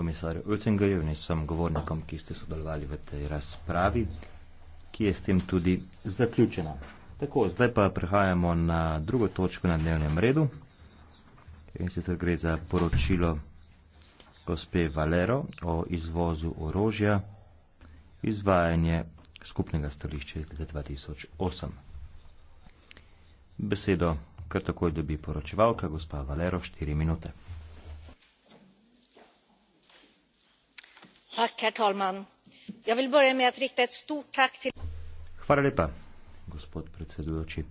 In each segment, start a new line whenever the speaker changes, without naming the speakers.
komisarju Oettingerju in vsem govornikom, ki ste sodelovali v tej razpravi, ki je s tem tudi zaključena. Tako, zdaj pa prehajamo na drugo točko na dnevnem redu in sicer gre za poročilo gospe Valero o izvozu orožja, izvajanje skupnega stališča iz leta 2008. Besedo kar takoj dobi poročevalka, gospa Valero, 4 minute.
herr talman! Jag vill börja med att rikta ett stort tack till
Hvala lepa, gospod predsedujoči.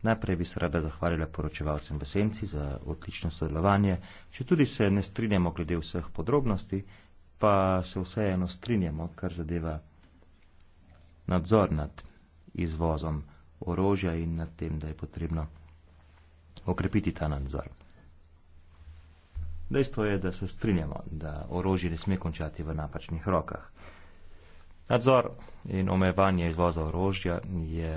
Najprej bi se rada zahvalila poročevalcem v senci za odlično sodelovanje. Če tudi se ne strinjamo glede vseh podrobnosti, pa se vseeno strinjamo, kar zadeva nadzor nad izvozom orožja in nad tem, da je potrebno okrepiti ta nadzor. Dejstvo je, da se strinjamo, da orožje ne sme končati v napačnih rokah. Nadzor in omejevanje izvoza orožja je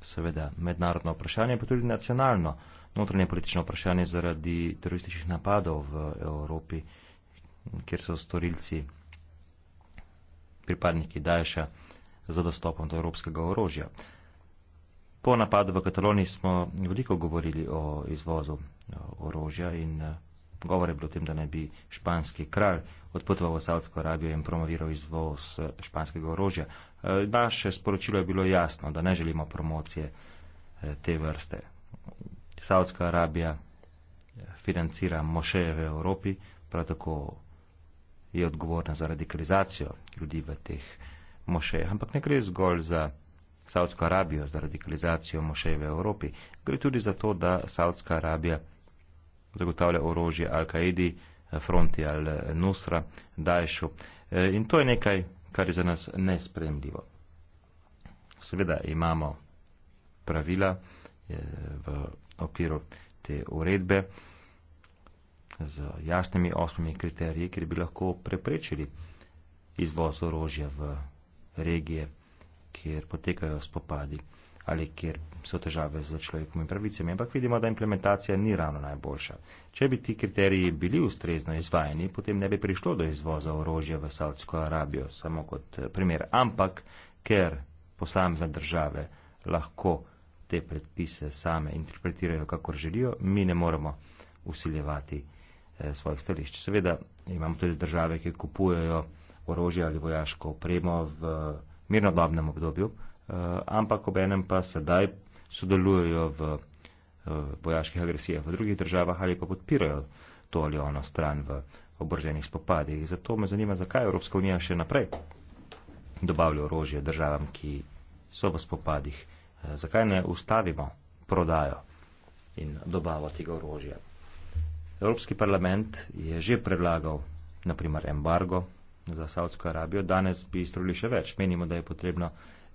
seveda mednarodno vprašanje, pa tudi nacionalno, notranje politično vprašanje zaradi terorističnih napadov v Evropi, kjer so storilci pripadniki Daješa za dostopom do evropskega orožja. Po napadu v Kataloniji smo veliko govorili o izvozu orožja in eh, govore je bilo o tem, da ne bi španski kralj odpotoval v Saudsko Arabijo in promoviral izvoz eh, španskega orožja. Eh, naše sporočilo je bilo jasno, da ne želimo promocije eh, te vrste. Saudska Arabija financira mošeje v Evropi, prav tako je odgovorna za radikalizacijo ljudi v teh mošejah. Ampak ne gre zgolj za Saudsko Arabijo, za radikalizacijo mošeje v Evropi. Gre tudi za to, da Saudska Arabija zagotavlja orožje Al-Kaidi, eh, fronti Al-Nusra, Daješu. Eh, in to je nekaj, kar je za nas nespremljivo. Seveda imamo pravila eh, v okviru te uredbe z jasnimi osmimi kriteriji, ki bi lahko preprečili izvoz orožja v regije, kjer potekajo spopadi ali kjer so težave z človekovimi pravicami, ampak vidimo, da implementacija ni ravno najboljša. Če bi ti kriteriji bili ustrezno izvajani, potem ne bi prišlo do izvoza orožja v Saudsko Arabijo, samo kot eh, primer. Ampak, ker posamezne države lahko te predpise same interpretirajo, kakor želijo, mi ne moremo usiljevati eh, svojih stališč. Seveda imamo tudi države, ki kupujejo orožje ali vojaško opremo v eh, mirnodobnem obdobju, Eh, ampak obenem pa sedaj sodelujejo v eh, vojaških agresijah v drugih državah ali pa podpirajo to ali ono stran v oboroženih spopadih. Zato me zanima, zakaj Evropska unija še naprej dobavlja orožje državam, ki so v spopadih. Eh, zakaj ne ustavimo prodajo in dobavo tega orožja? Evropski parlament je že predlagal, naprimer, embargo za Saudsko Arabijo. Danes bi izstrelili še več. Menimo, da je potrebno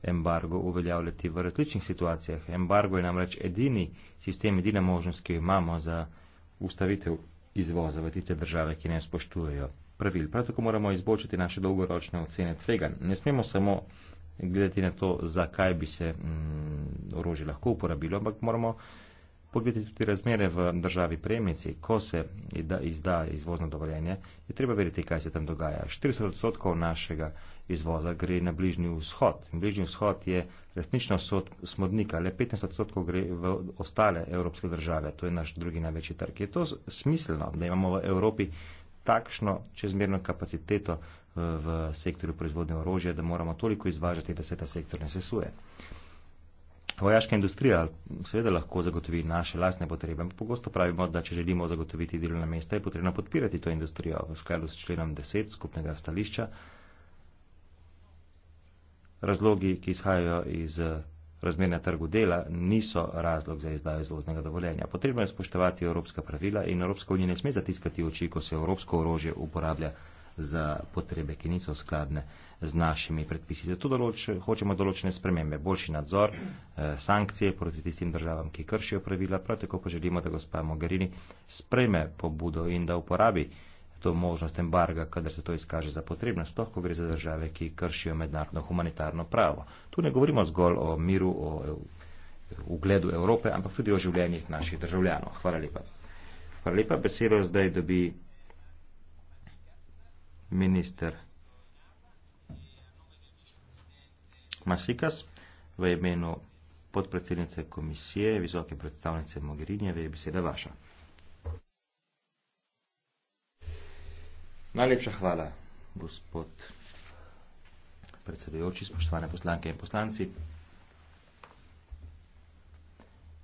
embargo uveljavljati v različnih situacijah. Embargo je namreč edini sistem, edina možnost, ki jo imamo za ustavitev izvoza v tiste države, ki ne spoštujejo pravil. Prav tako moramo izboljšati naše dolgoročne ocene tveganj. Ne smemo samo gledati na to, zakaj bi se mm, orožje lahko uporabilo, ampak moramo pogledati tudi razmere v državi premici. Ko se izda izvozno dovoljenje, je treba verjeti, kaj se tam dogaja. 40 odstotkov našega izvoza gre na Bližnji vzhod. In Bližnji vzhod je resnično smodnika, le 15 odstotkov gre v ostale evropske države, to je naš drugi največji trg. Je to smiselno, da imamo v Evropi takšno čezmerno kapaciteto eh, v sektorju proizvodne orožje, da moramo toliko izvažati, da se ta sektor ne sesuje. Vojaška industrija seveda lahko zagotovi naše lastne potrebe, ampak pogosto pravimo, da če želimo zagotoviti delovna mesta, je potrebno podpirati to industrijo v skladu s členom 10 skupnega stališča, razlogi, ki izhajajo iz eh, razmerja trgu dela, niso razlog za izdajo izvoznega dovoljenja. Potrebno je spoštovati evropska pravila in Evropska unija ne sme zatiskati oči, ko se evropsko orožje uporablja za potrebe, ki niso skladne z našimi predpisi. Zato določ, hočemo določene spremembe, boljši nadzor, eh, sankcije proti tistim državam, ki kršijo pravila, prav tako pa želimo, da gospa Mogherini spreme pobudo in da uporabi eh, to možnost embarga, kadar se to izkaže za potrebno, sploh ko gre za države, ki kršijo mednarodno humanitarno pravo. Tu ne govorimo zgolj o miru, o ugledu Evrope, ampak tudi o življenjih naših državljanov. Hvala lepa. Hvala lepa. Besedo zdaj dobi minister Masikas v imenu podpredsednice komisije, visoke predstavnice Mogherinjeve, beseda vaša. Najlepša hvala, gospod predsedujoči, spoštovane poslanke in poslanci.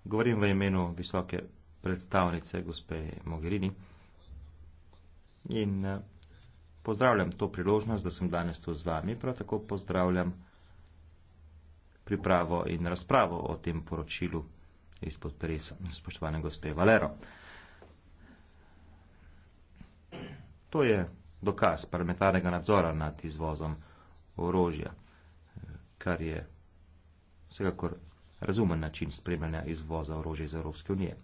Govorim v imenu visoke predstavnice gospe Mogherini in eh, pozdravljam to priložnost, da sem danes tu z vami. Prav tako pozdravljam pripravo in razpravo o tem poročilu izpod peresa, spoštovane gospe Valero. To je dokaz parlamentarnega nadzora nad izvozom orožja, kar je vsekakor razumen način spremljanja izvoza orožja iz Evropske unije.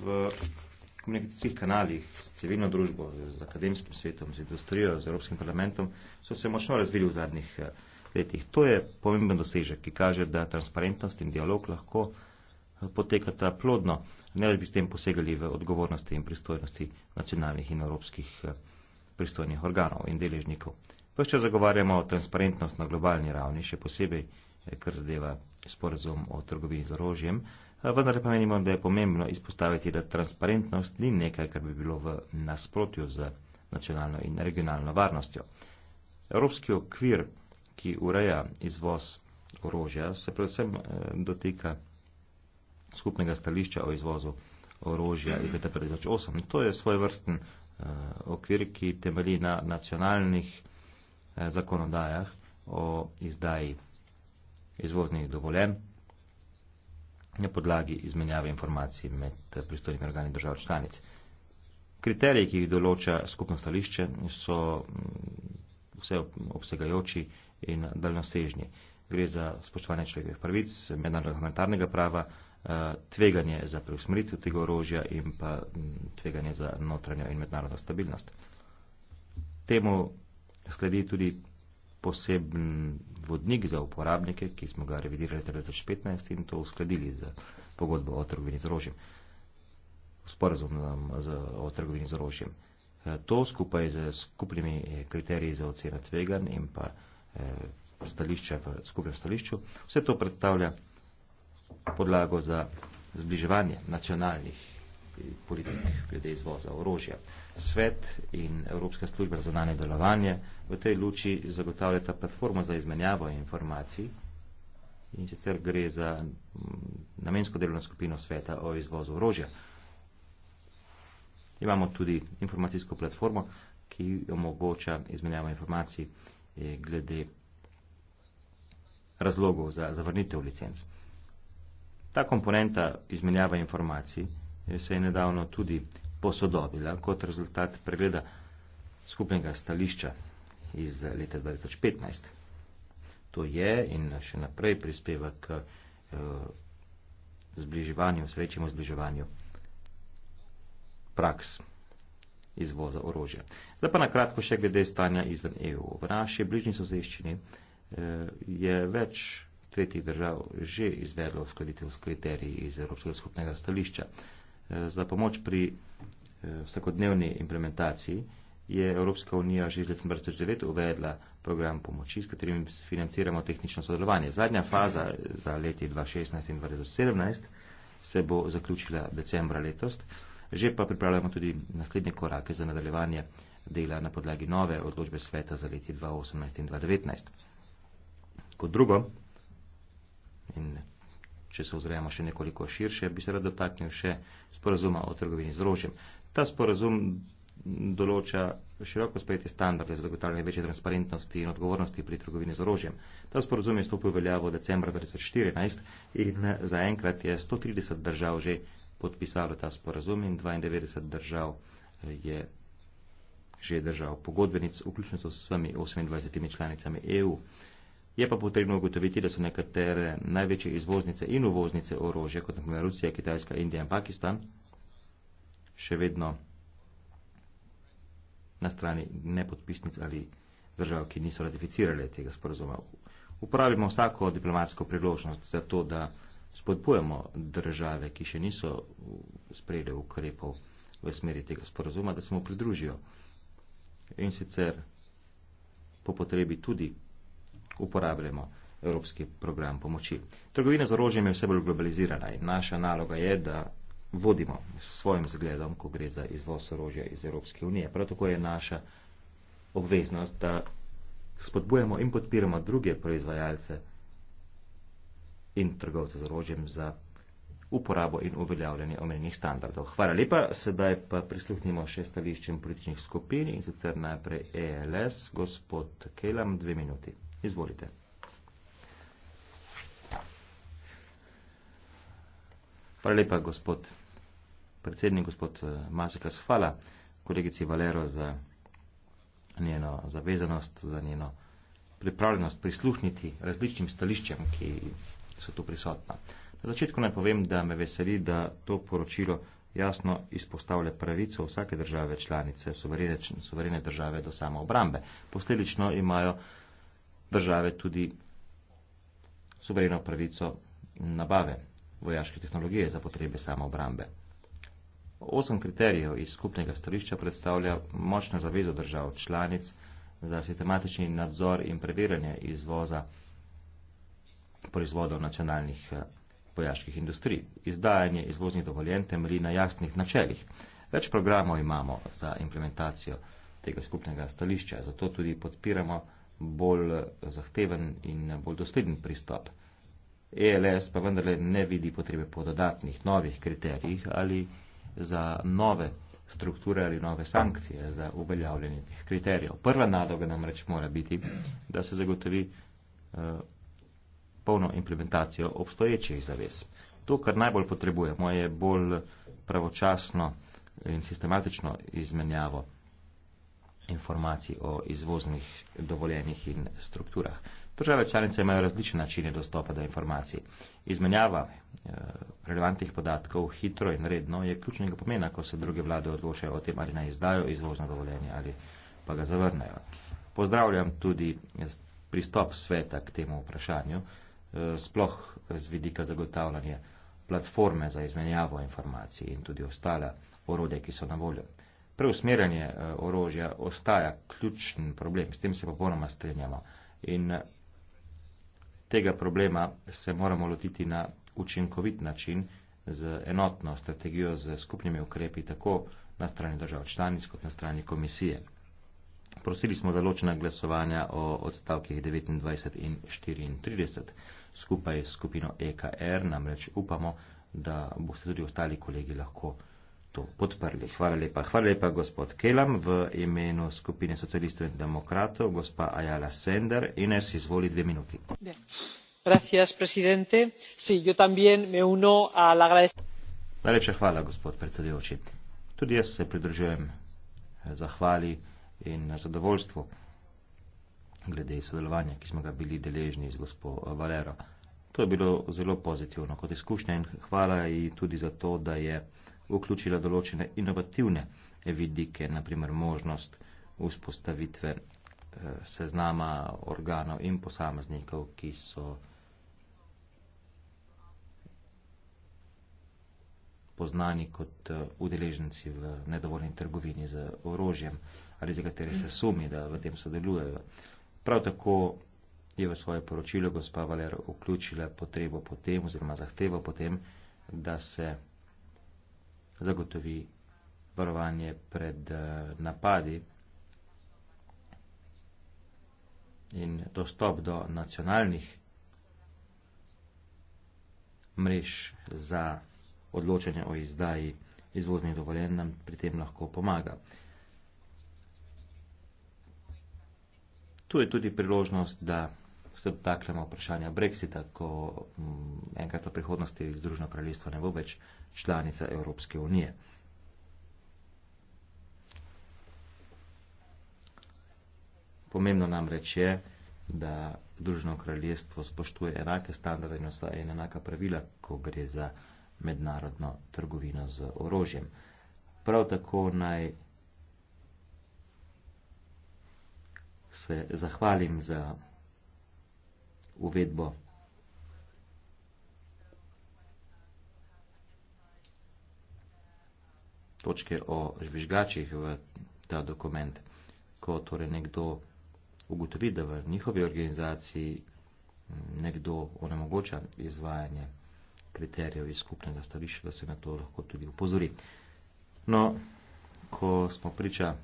V komunikacijskih kanalih s civilno družbo, z akademskim svetom, z industrijo, z Evropskim parlamentom so se močno razvili v zadnjih eh, letih. To je pomemben dosežek, ki kaže, da transparentnost in dialog lahko eh, potekata plodno ne da bi s tem posegali v odgovornosti in pristojnosti nacionalnih in evropskih eh, pristojnih organov in deležnikov. Vse, če zagovarjamo transparentnost na globalni ravni, še posebej, eh, kar zadeva sporazum o trgovini z orožjem, eh, vendar pa menimo, da je pomembno izpostaviti, da transparentnost ni nekaj, kar bi bilo v nasprotju z nacionalno in regionalno varnostjo. Evropski okvir, ki ureja izvoz orožja, se predvsem dotika skupnega stališča o izvozu orožja iz leta 2008. In to je svoj vrsten eh, okvir, ki temelji na nacionalnih eh, zakonodajah o izdaji izvoznih dovolen na podlagi izmenjave informacij med pristojnimi organi držav članic. Kriteriji, ki jih določa skupno stališče, so mm, vse obsegajoči in daljnosežni. Gre za spoštovanje človekovih pravic, mednarodnega humanitarnega prava, Eh, tveganje za preusmeritev tega orožja in pa mm, tveganje za notranjo in mednarodno stabilnost. Temu sledi tudi poseben vodnik za uporabnike, ki smo ga revidirali 2015 in to uskladili z pogodbo o trgovini z orožjem, sporazum o trgovini z orožjem. Eh, to skupaj z skupnimi eh, kriteriji za oceno tveganj in pa stališča v skupnem stališču, vse to predstavlja podlago za zbliževanje nacionalnih politik glede izvoza orožja. Svet in Evropska služba za nane delovanje v tej luči zagotavljata platformo za izmenjavo informacij in sicer gre za namensko delovno skupino sveta o izvozu orožja. Imamo tudi informacijsko platformo, ki omogoča izmenjavo informacij eh, glede razlogov za zavrnitev licenc. Ta komponenta izmenjava informacij se je nedavno tudi posodobila kot rezultat pregleda skupnega stališča iz leta 2015. To je in še naprej prispeva k eh, zbliževanju, srečemu zbliževanju praks izvoza orožja. Zdaj pa na kratko še glede stanja izven EU. V naši bližnji sozeščini eh, je več tretjih držav že izvedlo uskladitev s kriteriji iz Evropskega skupnega stališča. Eh, za pomoč pri eh, vsakodnevni implementaciji je Evropska unija že iz leta 2009 uvedla program pomoči, s katerim financiramo tehnično sodelovanje. Zadnja faza eh, za leti 2016 in 2017 se bo zaključila decembra letos, že pa pripravljamo tudi naslednje korake za nadaljevanje dela na podlagi nove odločbe sveta za leti 2018 in 2019. Kot drugo, In če se ozremo še nekoliko širše, bi se rad dotaknil še sporazuma o trgovini z orožjem. Ta sporazum določa široko sprejete standarde za zagotavljanje večje transparentnosti in odgovornosti pri trgovini z orožjem. Ta sporozum je stopil v veljavo decembra 2014 in zaenkrat je 130 držav že podpisalo ta sporozum in 92 držav eh, je že držav pogodbenic, vključno s vsemi 28 članicami EU. Je pa potrebno ugotoviti, da so nekatere največje izvoznice in uvoznice orožja, kot naprimer Rusija, Kitajska, Indija in Pakistan, še vedno na strani nepodpisnic ali držav, ki niso ratificirale tega sporozuma. Uporabimo vsako diplomatsko priložnost za to, da spodbujamo države, ki še niso sprejeli ukrepov v smeri tega sporozuma, da se mu pridružijo. In sicer po potrebi tudi uporabljamo evropski program pomoči. Trgovina z orožjem je vse bolj globalizirana in naša naloga je, da vodimo s svojim zgledom, ko gre za izvoz orožja iz Evropske unije. Prav tako je naša obveznost, da spodbujamo in podpiramo druge proizvajalce in trgovce z orožjem za uporabo in uveljavljanje omenjenih standardov. Hvala lepa, sedaj pa prisluhnimo še stališčem političnih skupin in sicer najprej ELS, gospod Kelam, dve minuti. Izvolite. Hvala lepa, gospod predsednik, gospod eh, Masekas. Hvala kolegici Valero za njeno zavezanost, za njeno pripravljenost prisluhniti različnim stališčem, ki so tu prisotna. Na začetku naj povem, da me veseli, da to poročilo jasno izpostavlja pravico vsake države članice, suverene države do samoobrambe. Posledično imajo države tudi suvereno pravico nabave vojaške tehnologije za potrebe samoobrambe. Osem kriterijev iz skupnega stališča predstavlja močno zavezo držav članic za sistematični nadzor in preverjanje izvoza proizvodov nacionalnih eh, vojaških industrij. Izdajanje izvoznih dovoljen temelji na jasnih načelih. Več programov imamo za implementacijo tega skupnega stališča, zato tudi podpiramo bolj zahteven in bolj dosleden pristop. ELS pa vendarle ne vidi potrebe po dodatnih novih kriterijih ali za nove strukture ali nove sankcije za uveljavljanje teh kriterijev. Prva nadoga namreč mora biti, da se zagotovi eh, polno implementacijo obstoječih zavez. To, kar najbolj potrebujemo, je bolj pravočasno in sistematično izmenjavo informacij o izvoznih dovoljenih in strukturah. Države članice imajo različne načine dostopa do informacij. Izmenjava eh, relevantnih podatkov hitro in redno je ključnega pomena, ko se druge vlade odločajo o tem, ali naj izdajo izvozno dovoljenje ali pa ga zavrnejo. Pozdravljam tudi eh, pristop sveta k temu vprašanju, eh, sploh z vidika zagotavljanja platforme za izmenjavo informacij in tudi ostala orodja, ki so na voljo preusmerjanje eh, orožja ostaja ključen problem. S tem se popolnoma strinjamo. In eh, tega problema se moramo lotiti na učinkovit način z enotno strategijo, z skupnimi ukrepi, tako na strani držav članic kot na strani komisije. Prosili smo za ločena glasovanja o odstavkih 29 in 34 skupaj s skupino EKR, namreč upamo, da boste tudi ostali kolegi lahko to podprli. Hvala lepa. Hvala lepa, gospod Kelam, v imenu skupine socialistov in demokratov, gospa Ajala Sender. Ines, izvoli dve minuti. Najlepša hvala, gospod predsedujoči. Tudi jaz se pridružujem eh, zahvali in zadovoljstvu glede sodelovanja, ki smo ga bili deležni z gospod Valero. To je bilo zelo pozitivno kot izkušnja in hvala ji tudi za to, da je vključila določene inovativne vidike, naprimer možnost vzpostavitve eh, seznama organov in posameznikov, ki so poznani kot eh, udeleženci v nedovoljni trgovini z orožjem ali za kateri se sumi, da v tem sodelujejo. Prav tako je v svoje poročilo gospa Valer vključila potrebo potem oziroma zahtevo potem, da se zagotovi varovanje pred eh, napadi in dostop do nacionalnih mrež za odločanje o izdaji izvoznih dovoljenj nam pri tem lahko pomaga. Tu je tudi priložnost, da se dotaknemo vprašanja Brexita, ko mm, enkrat v prihodnosti Združeno kraljestvo ne bo več članica Evropske unije. Pomembno nam reč je, da družno kraljestvo spoštuje enake standarde in ostaje enaka pravila, ko gre za mednarodno trgovino z orožjem. Prav tako naj se zahvalim za uvedbo točke o žvižgačih v ta dokument. Ko torej nekdo ugotovi, da v njihovi organizaciji nekdo onemogoča izvajanje kriterijev iz skupnega stališča, da se na to lahko tudi upozori. No, ko smo priča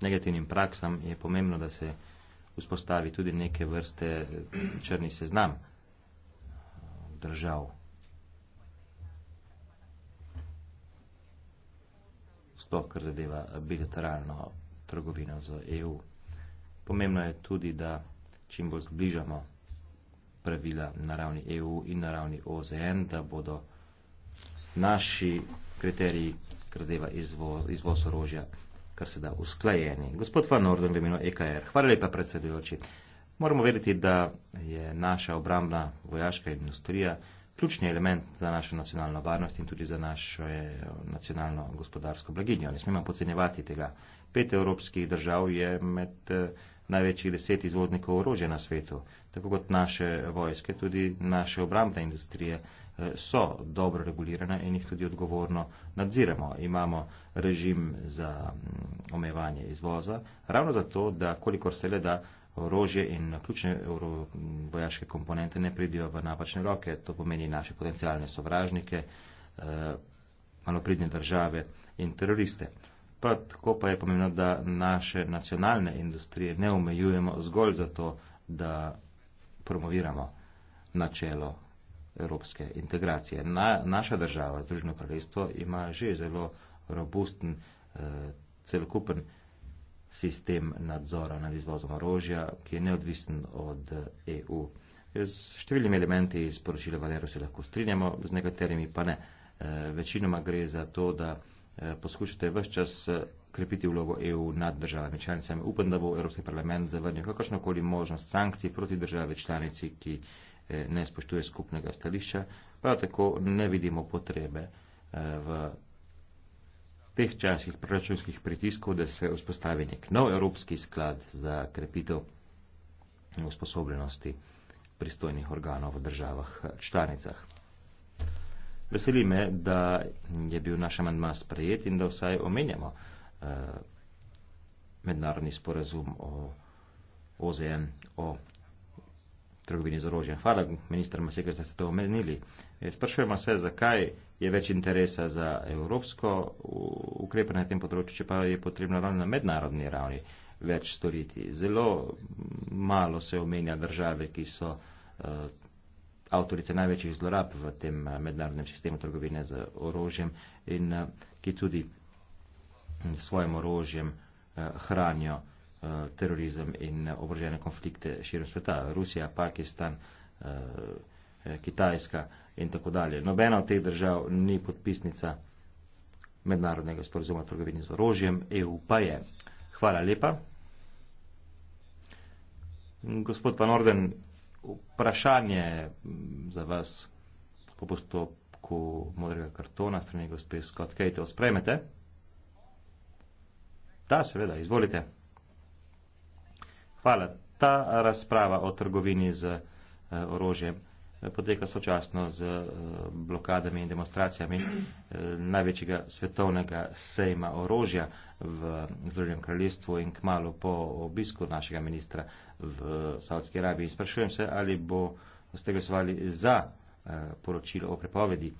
negativnim praksam, je pomembno, da se vzpostavi tudi neke vrste črni seznam držav sploh kar zadeva bilateralno trgovino z EU. Pomembno je tudi, da čim bolj zbližamo pravila na ravni EU in na ravni OZN, da bodo naši kriteriji, kar zadeva izvoz, izvoz orožja, kar se da usklajeni. Gospod Van Orden, v imenu EKR, hvala lepa predsedujoči. Moramo verjeti, da je naša obrambna vojaška industrija ključni element za našo nacionalno varnost in tudi za našo eh, nacionalno gospodarsko blaginjo. Ne smemo podcenjevati tega. Pet evropskih držav je med eh, največjih deset izvoznikov orožja na svetu. Tako kot naše vojske, tudi naše obrambne industrije eh, so dobro regulirane in jih tudi odgovorno nadziramo. Imamo režim za mm, omejevanje izvoza, ravno zato, da kolikor se le da orožje in ključne vojaške komponente ne pridijo v napačne roke. To pomeni naše potencijalne sovražnike, eh, malopridne države in teroriste. Prav tako pa je pomembno, da naše nacionalne industrije ne omejujemo zgolj zato, da promoviramo načelo evropske integracije. Na, naša država, Združeno kraljestvo, ima že zelo robusten, eh, celokupen eh, sistem nadzora nad izvozom orožja, ki je neodvisen od EU. Z številnimi elementi iz poročila Valero se lahko strinjamo, z nekaterimi pa ne. Eh, večinoma gre za to, da eh, poskušate vse čas eh, krepiti vlogo EU nad državami članicami. Upam, da bo Evropski parlament zavrnil kakršnokoli možnost sankcij proti državi članici, ki ne spoštuje skupnega stališča. Prav tako ne vidimo potrebe v teh časih proračunskih pritiskov, da se vzpostavi nek nov evropski sklad za krepitev usposobljenosti pristojnih organov v državah eh, članicah. Veseli me, da je bil naš amandma sprejet in da vsaj omenjamo eh, mednarodni sporazum o OZN o trgovini z orožjem. Hvala, minister Masek, da ste to omenili. Eh, Eh, sprašujemo se, zakaj je več interesa za evropsko ukrepe na tem področju, čeprav je potrebno na mednarodni ravni več storiti. Zelo malo se omenja države, ki so eh, avtorice največjih zlorab v tem eh, mednarodnem sistemu trgovine z orožjem in ki tudi hm, svojim orožjem hranijo terorizem in obrožene konflikte širom sveta. Rusija, Pakistan, Eh, Kitajska in tako dalje. Nobena od teh držav ni podpisnica mednarodnega sporozuma o trgovini z orožjem, EU pa je. Hvala lepa. Gospod Van Orden, vprašanje mm, za vas po postopku modrega kartona strani gospe Scott Kate, osprejmete? Da, seveda, izvolite. Hvala. Ta razprava o trgovini z eh, orožjem. Uh, Eh, poteka sočasno z eh, blokadami in demonstracijami eh, največjega svetovnega sejma orožja v Združenem kraljestvu in kmalo po obisku našega ministra v Saudski Arabiji. Sprašujem se, ali bo ste glasovali za poročilo o prepovedi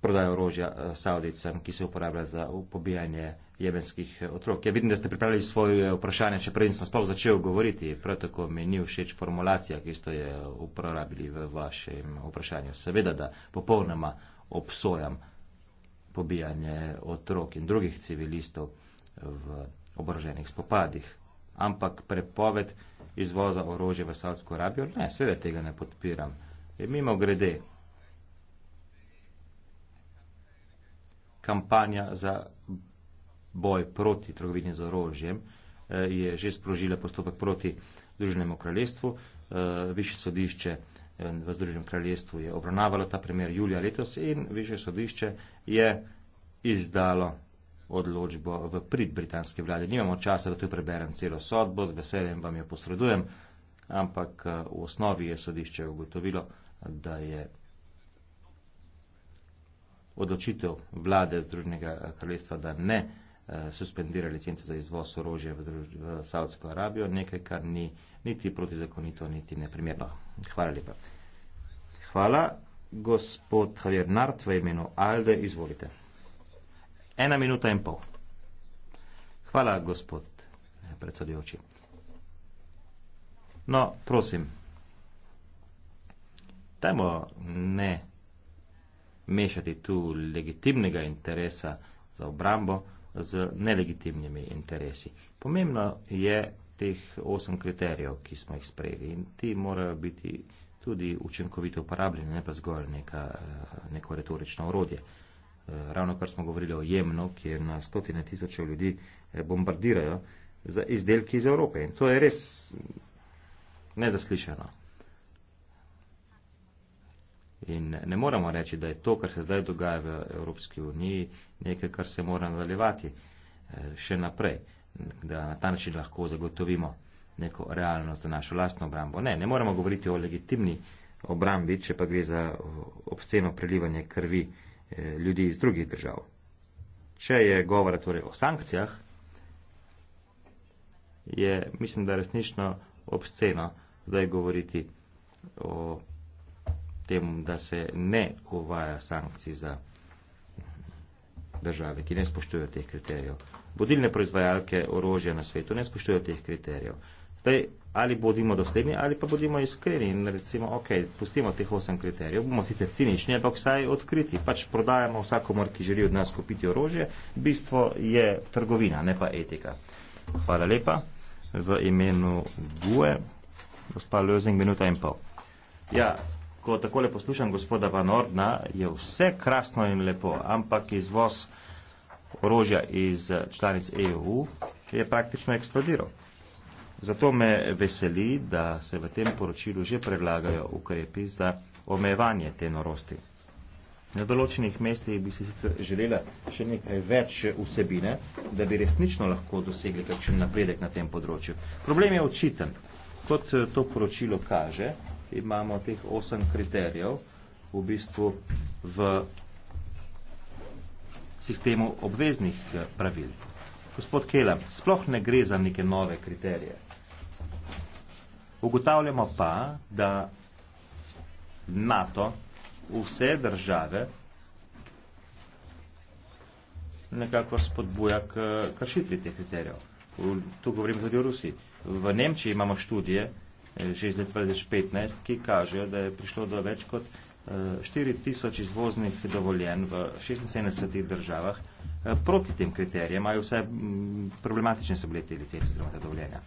prodaje orožja Saudicam, ki se uporablja za pobijanje jemenskih eh, otrok. Ja, vidim, da ste pripravili svoje eh, vprašanje, če prej nisem sploh začel govoriti, prav tako mi ni všeč formulacija, ki ste jo uporabili v vašem vprašanju. Seveda, da popolnoma obsojam pobijanje otrok in drugih civilistov v oboroženih spopadih, ampak prepoved izvoza orožja v Saudsko Arabijo, ne, seveda tega ne podpiram. Je mimo grede kampanja za boj proti trgovini z orožjem, eh, je že sprožila postopek proti Združenemu kraljestvu. Eh, više sodišče eh, v Združenem kraljestvu je obravnavalo ta primer julija letos in više sodišče je izdalo odločbo v prid britanske vlade. Nimamo časa, da tu preberem celo sodbo, z veseljem vam jo posredujem, ampak v osnovi je sodišče ugotovilo, da je odločitev vlade Združenega kraljestva, da ne Eh, suspendira licence za izvoz orožja v, v Saudsko Arabijo, nekaj, kar ni niti protizakonito, niti neprimerno. Hvala lepa. Hvala. Gospod Javier Nart, v imenu Alde, izvolite. Ena minuta in pol. Hvala, gospod eh, predsedujoči. No, prosim, dajmo ne mešati tu legitimnega interesa za obrambo, z nelegitimnimi interesi. Pomembno je teh osem kriterijev, ki smo jih sprejeli in ti morajo biti tudi učinkovito uporabljeni, ne pa zgolj neka, eh, neko retorično orodje. Eh, ravno kar smo govorili o Jemnu, kjer na stotine tisoče ljudi eh, bombardirajo za izdelki iz Evrope. In to je res nezaslišano. In ne moramo reči, da je to, kar se zdaj dogaja v Evropski uniji, nekaj, kar se mora nadaljevati eh, še naprej, da na ta način lahko zagotovimo neko realnost za našo lastno obrambo. Ne, ne moramo govoriti o legitimni obrambi, če pa gre za eh, obsceno prelivanje krvi eh, ljudi iz drugih držav. Če je govora torej o sankcijah, je mislim, da resnično obsceno zdaj govoriti o tem, da se ne uvaja sankcij za države, ki ne spoštujejo teh kriterijev. Vodilne proizvajalke orožja na svetu ne spoštujejo teh kriterijev. Zdaj, ali bodimo dosledni, ali pa bodimo iskreni in recimo, ok, pustimo teh osem kriterijev, bomo sicer cinični, ampak vsaj odkriti. Pač prodajamo vsakomor, ki želi od nas kupiti orožje, bistvo je trgovina, ne pa etika. Hvala lepa. V imenu GUE, gospod Lozing, minuta in pol. Ja ko takole poslušam gospoda Van Ordna, je vse krasno in lepo, ampak izvoz orožja iz eh, članic EU je praktično eksplodiral. Zato me veseli, da se v tem poročilu že predlagajo ukrepi za omejevanje te norosti. Na določenih mestih bi si sicer želela še nekaj več vsebine, da bi resnično lahko dosegli kakšen napredek na tem področju. Problem je očiten. Kot eh, to poročilo kaže, imamo teh osem kriterijev v bistvu v sistemu obveznih eh, pravil. Gospod Kelem, sploh ne gre za neke nove kriterije. Ugotavljamo pa, da NATO vse države nekako spodbuja k kršitvi teh kriterijev. Tu govorim tudi o Rusiji. V Nemčiji imamo študije, 2015, ki kažejo, da je prišlo do več kot 4000 eh, izvoznih dovoljen v 76 državah eh, proti tem kriterijem, ali vse mm, problematične so bile te licence oziroma te dovoljenja.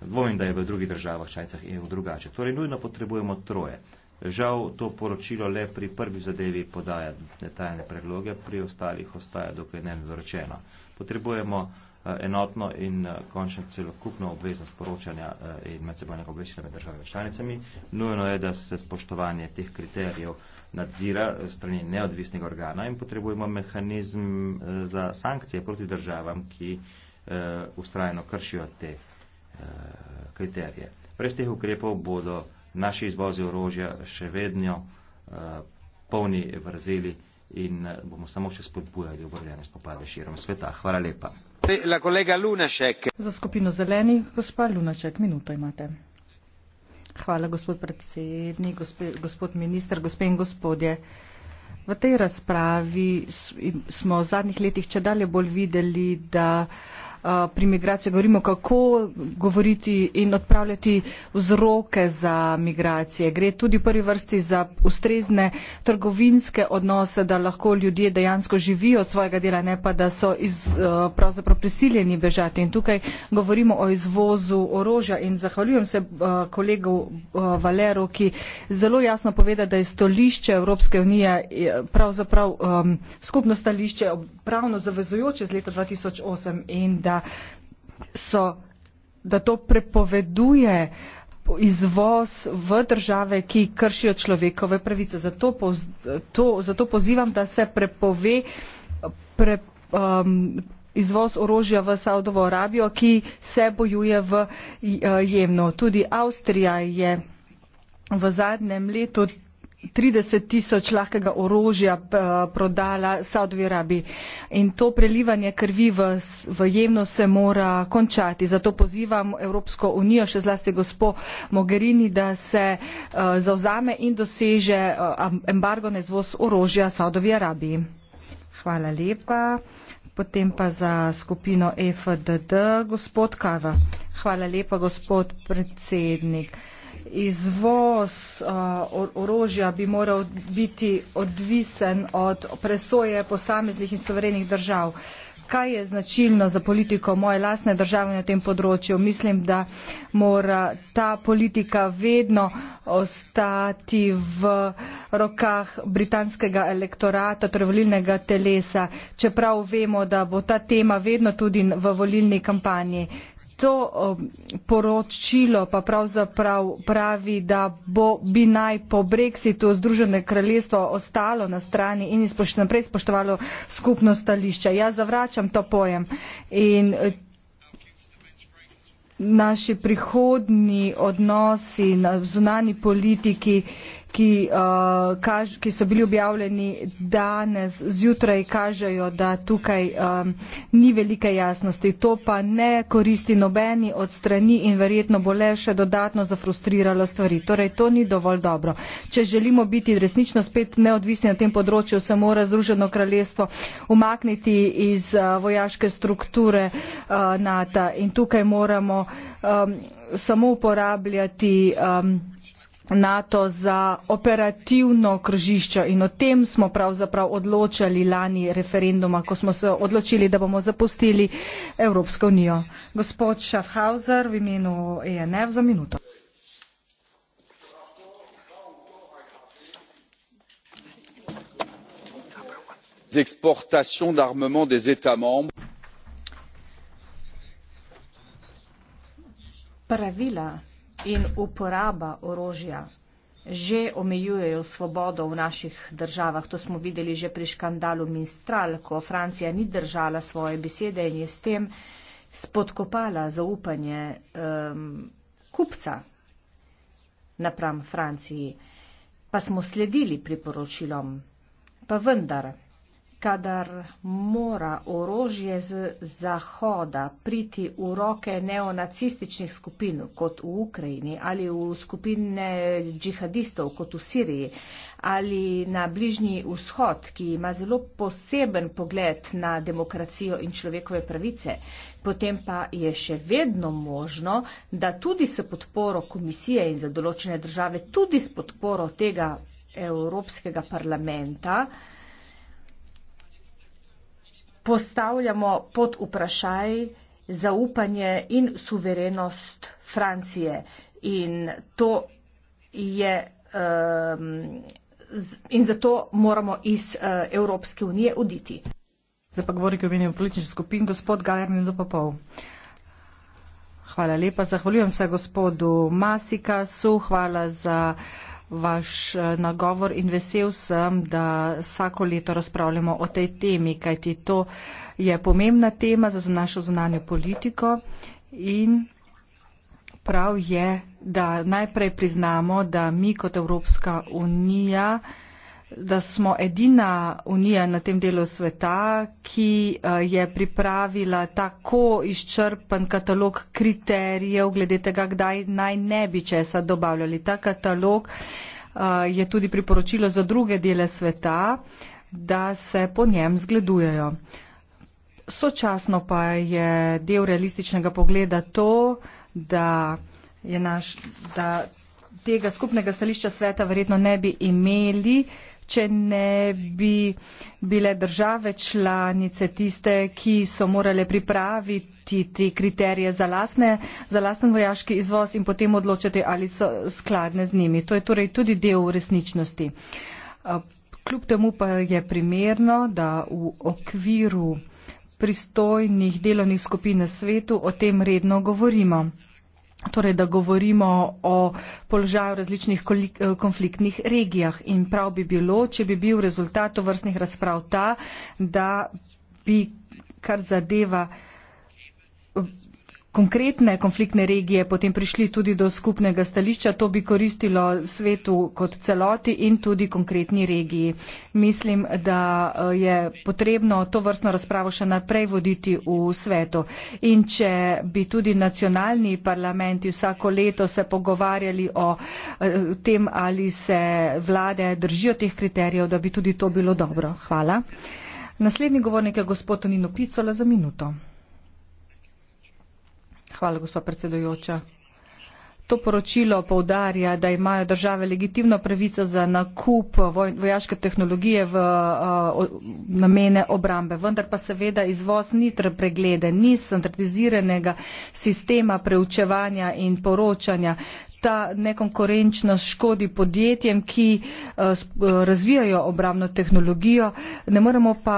Dvomim, da je v drugih državah članicah EU drugače. Torej, nujno potrebujemo troje. Žal to poročilo le pri prvi zadevi podaja detaljne predloge, pri ostalih ostaja dokaj nedorečeno. Potrebujemo uh, Eh, enotno in eh, končno celokupno obveznost poročanja eh, in medsebojnega obveščanja med državami članicami. Nujno je, da se spoštovanje teh kriterijev nadzira strani neodvisnega organa in potrebujemo mehanizm za sankcije proti državam, ki ustrajno kršijo te kriterije. Prez teh ukrepov bodo naši izvozi orožja še vedno polni vrzeli in bomo samo še spodbujali obrljene spopade širom sveta. Hvala lepa. Za
skupino zelenih, gospa Lunaček, minuto imate. Hvala, gospod predsednik, gospe, gospod minister, gospe in gospodje. V tej razpravi smo v zadnjih letih če dalje bolj videli, da uh, Eh, pri migraciji govorimo, kako govoriti in odpravljati vzroke za migracije. Gre tudi v prvi vrsti za ustrezne trgovinske odnose, da lahko ljudje dejansko živijo od svojega dela, ne pa da so iz, eh, pravzaprav prisiljeni bežati. In tukaj govorimo o izvozu orožja in zahvaljujem se eh, kolegu Valeru, ki zelo jasno poveda, da je stolišče Evropske unije pravzaprav ehm, skupno stališče pravno zavezujoče z leta 2008 in da da so da to prepoveduje izvoz v države, ki kršijo človekove pravice. Zato, poz, to, zato pozivam, da se prepove pre, um, izvoz orožja v Saudovo Arabijo, ki se bojuje v uh, Jemnu. Tudi Avstrija je v zadnjem letu 30 tisoč lahkega orožja prodala Saudovi Arabi. In to prelivanje krvi v, v jemno se mora končati. Zato pozivam Evropsko unijo, še zlasti gospo Mogherini, da se eh, zauzame in doseže eh, embargo na izvoz orožja Saudovi Arabi. Hvala lepa. Potem pa za skupino FDD, gospod Kava. Hvala lepa, gospod predsednik izvoz uh, orožja bi moral biti odvisen od presoje posameznih in soverenih držav. Kaj je značilno za politiko moje lastne države na tem področju? Mislim, da mora ta politika vedno ostati v rokah britanskega elektorata, torej volilnega telesa, čeprav vemo, da bo ta tema vedno tudi v volilni kampanji to um, poročilo pa pravzaprav pravi, da bo, bi naj po brexitu Združene kraljestvo ostalo na strani in izpoš, naprej spoštovalo skupno stališče. Jaz zavračam to pojem in eh, naši prihodni odnosi na zunani politiki eh, ki, uh, kaž, ki so bili objavljeni danes zjutraj, kažejo, da tukaj um, ni velike jasnosti. To pa ne koristi nobeni od strani in verjetno bo le še dodatno zafrustriralo stvari. Torej, to ni dovolj dobro. Če želimo biti resnično spet neodvisni na tem področju, se mora Združeno kraljestvo umakniti iz uh, vojaške strukture uh, NATO in tukaj moramo um, samo uporabljati um, NATO za operativno kržišče in o tem smo pravzaprav odločali lani referenduma, ko smo se odločili, da bomo zapustili Evropsko unijo. Gospod Schaffhauser v imenu ENF za minuto.
exportations d'armement des États membres. Pravila in uporaba orožja že omejujejo svobodo v naših državah. To smo videli že pri škandalu Mistral, ko Francija ni držala svoje besede in je s tem spodkopala zaupanje um, kupca napram Franciji. Pa smo sledili priporočilom, pa vendar kadar mora orožje z Zahoda priti v roke neonacističnih skupin, kot v Ukrajini, ali v skupine džihadistov, kot v Siriji, ali na Bližnji vzhod, ki ima zelo poseben pogled na demokracijo in človekove pravice, potem pa je še vedno možno, da tudi s podporo komisije in za določene države, tudi s podporo tega Evropskega parlamenta, postavljamo pod vprašaj zaupanje in suverenost Francije. In, to je, um, in zato moramo iz uh, Evropske unije oditi. Zdaj pa govori,
ki je menil politični skupin, gospod Galerni do popov. Hvala lepa. Zahvaljujem se gospodu Masikasu. Hvala za uh, vaš eh, nagovor in vesel sem, da vsako leto razpravljamo o tej temi, kajti to je pomembna tema za našo zunanjo politiko in prav je, da najprej priznamo, da mi kot Evropska unija da smo edina unija na tem delu sveta, ki eh, je pripravila tako izčrpen katalog kriterijev glede tega, kdaj naj ne bi česa dobavljali. Ta katalog eh, je tudi priporočilo za druge dele sveta, da se po njem zgledujejo. Sočasno pa je del realističnega pogleda to, da je naš, da tega skupnega stališča sveta verjetno ne bi imeli, če ne bi bile države članice tiste, ki so morale pripraviti te kriterije za, lasne, za lasten vojaški izvoz in potem odločati, ali so skladne z njimi. To je torej tudi del resničnosti. Kljub temu pa je primerno, da v okviru pristojnih delovnih skupin na svetu o tem redno govorimo torej da govorimo o položaju različnih eh, konfliktnih regijah. In prav bi bilo, če bi bil rezultat vrstnih razprav ta, da bi kar zadeva konkretne konfliktne regije potem prišli tudi do skupnega stališča, to bi koristilo svetu kot celoti in tudi konkretni regiji. Mislim, da eh, je potrebno to vrstno razpravo še naprej voditi v svetu. In če bi tudi nacionalni parlamenti vsako leto se pogovarjali o eh, tem, ali se vlade držijo teh kriterijev, da bi tudi to bilo dobro. Hvala. Naslednji govornik je gospod Nino Picola za minuto. Hvala, gospod predsedujoča. To poročilo povdarja, da imajo države legitimno pravico za nakup vojaške tehnologije v namene obrambe. Vendar pa seveda izvoz ni preglede, ni standardiziranega sistema preučevanja in poročanja ta nekonkurenčnost škodi podjetjem, ki eh, eh, razvijajo obramno tehnologijo. Ne moremo pa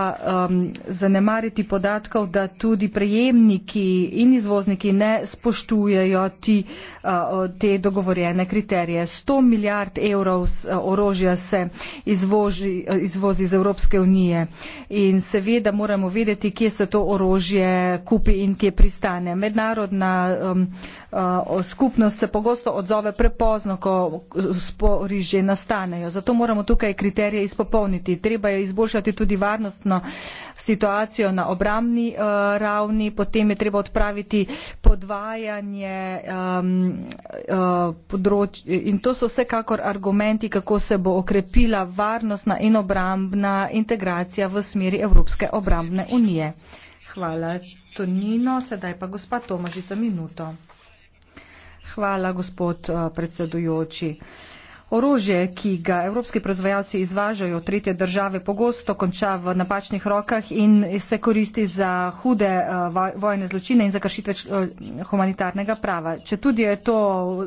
um, zanemariti podatkov, da tudi prejemniki in izvozniki ne spoštujejo ti, uh, te dogovorjene kriterije. 100 milijard evrov orožja se izvoži, izvozi iz Evropske unije in seveda moramo vedeti, kje se to orožje kupi in kje pristane. Mednarodna um, uh, skupnost se pogosto odzove odzove prepozno, ko spori že nastanejo. Zato moramo tukaj kriterije izpopolniti. Treba je izboljšati tudi varnostno situacijo na obramni uh, ravni, potem je treba odpraviti podvajanje um, uh, eh, področ. In to so vsekakor argumenti, kako se bo okrepila varnostna in obrambna integracija v smeri Evropske obrambne unije. Hvala Tonino, sedaj pa gospa Tomažica minuto. Hvala, gospod eh, predsedujoči. Orožje, ki ga evropski proizvajalci izvažajo v tretje države, pogosto konča v napačnih rokah in se koristi za hude eh, vojne zločine in za kršitve eh, humanitarnega prava. Če tudi je to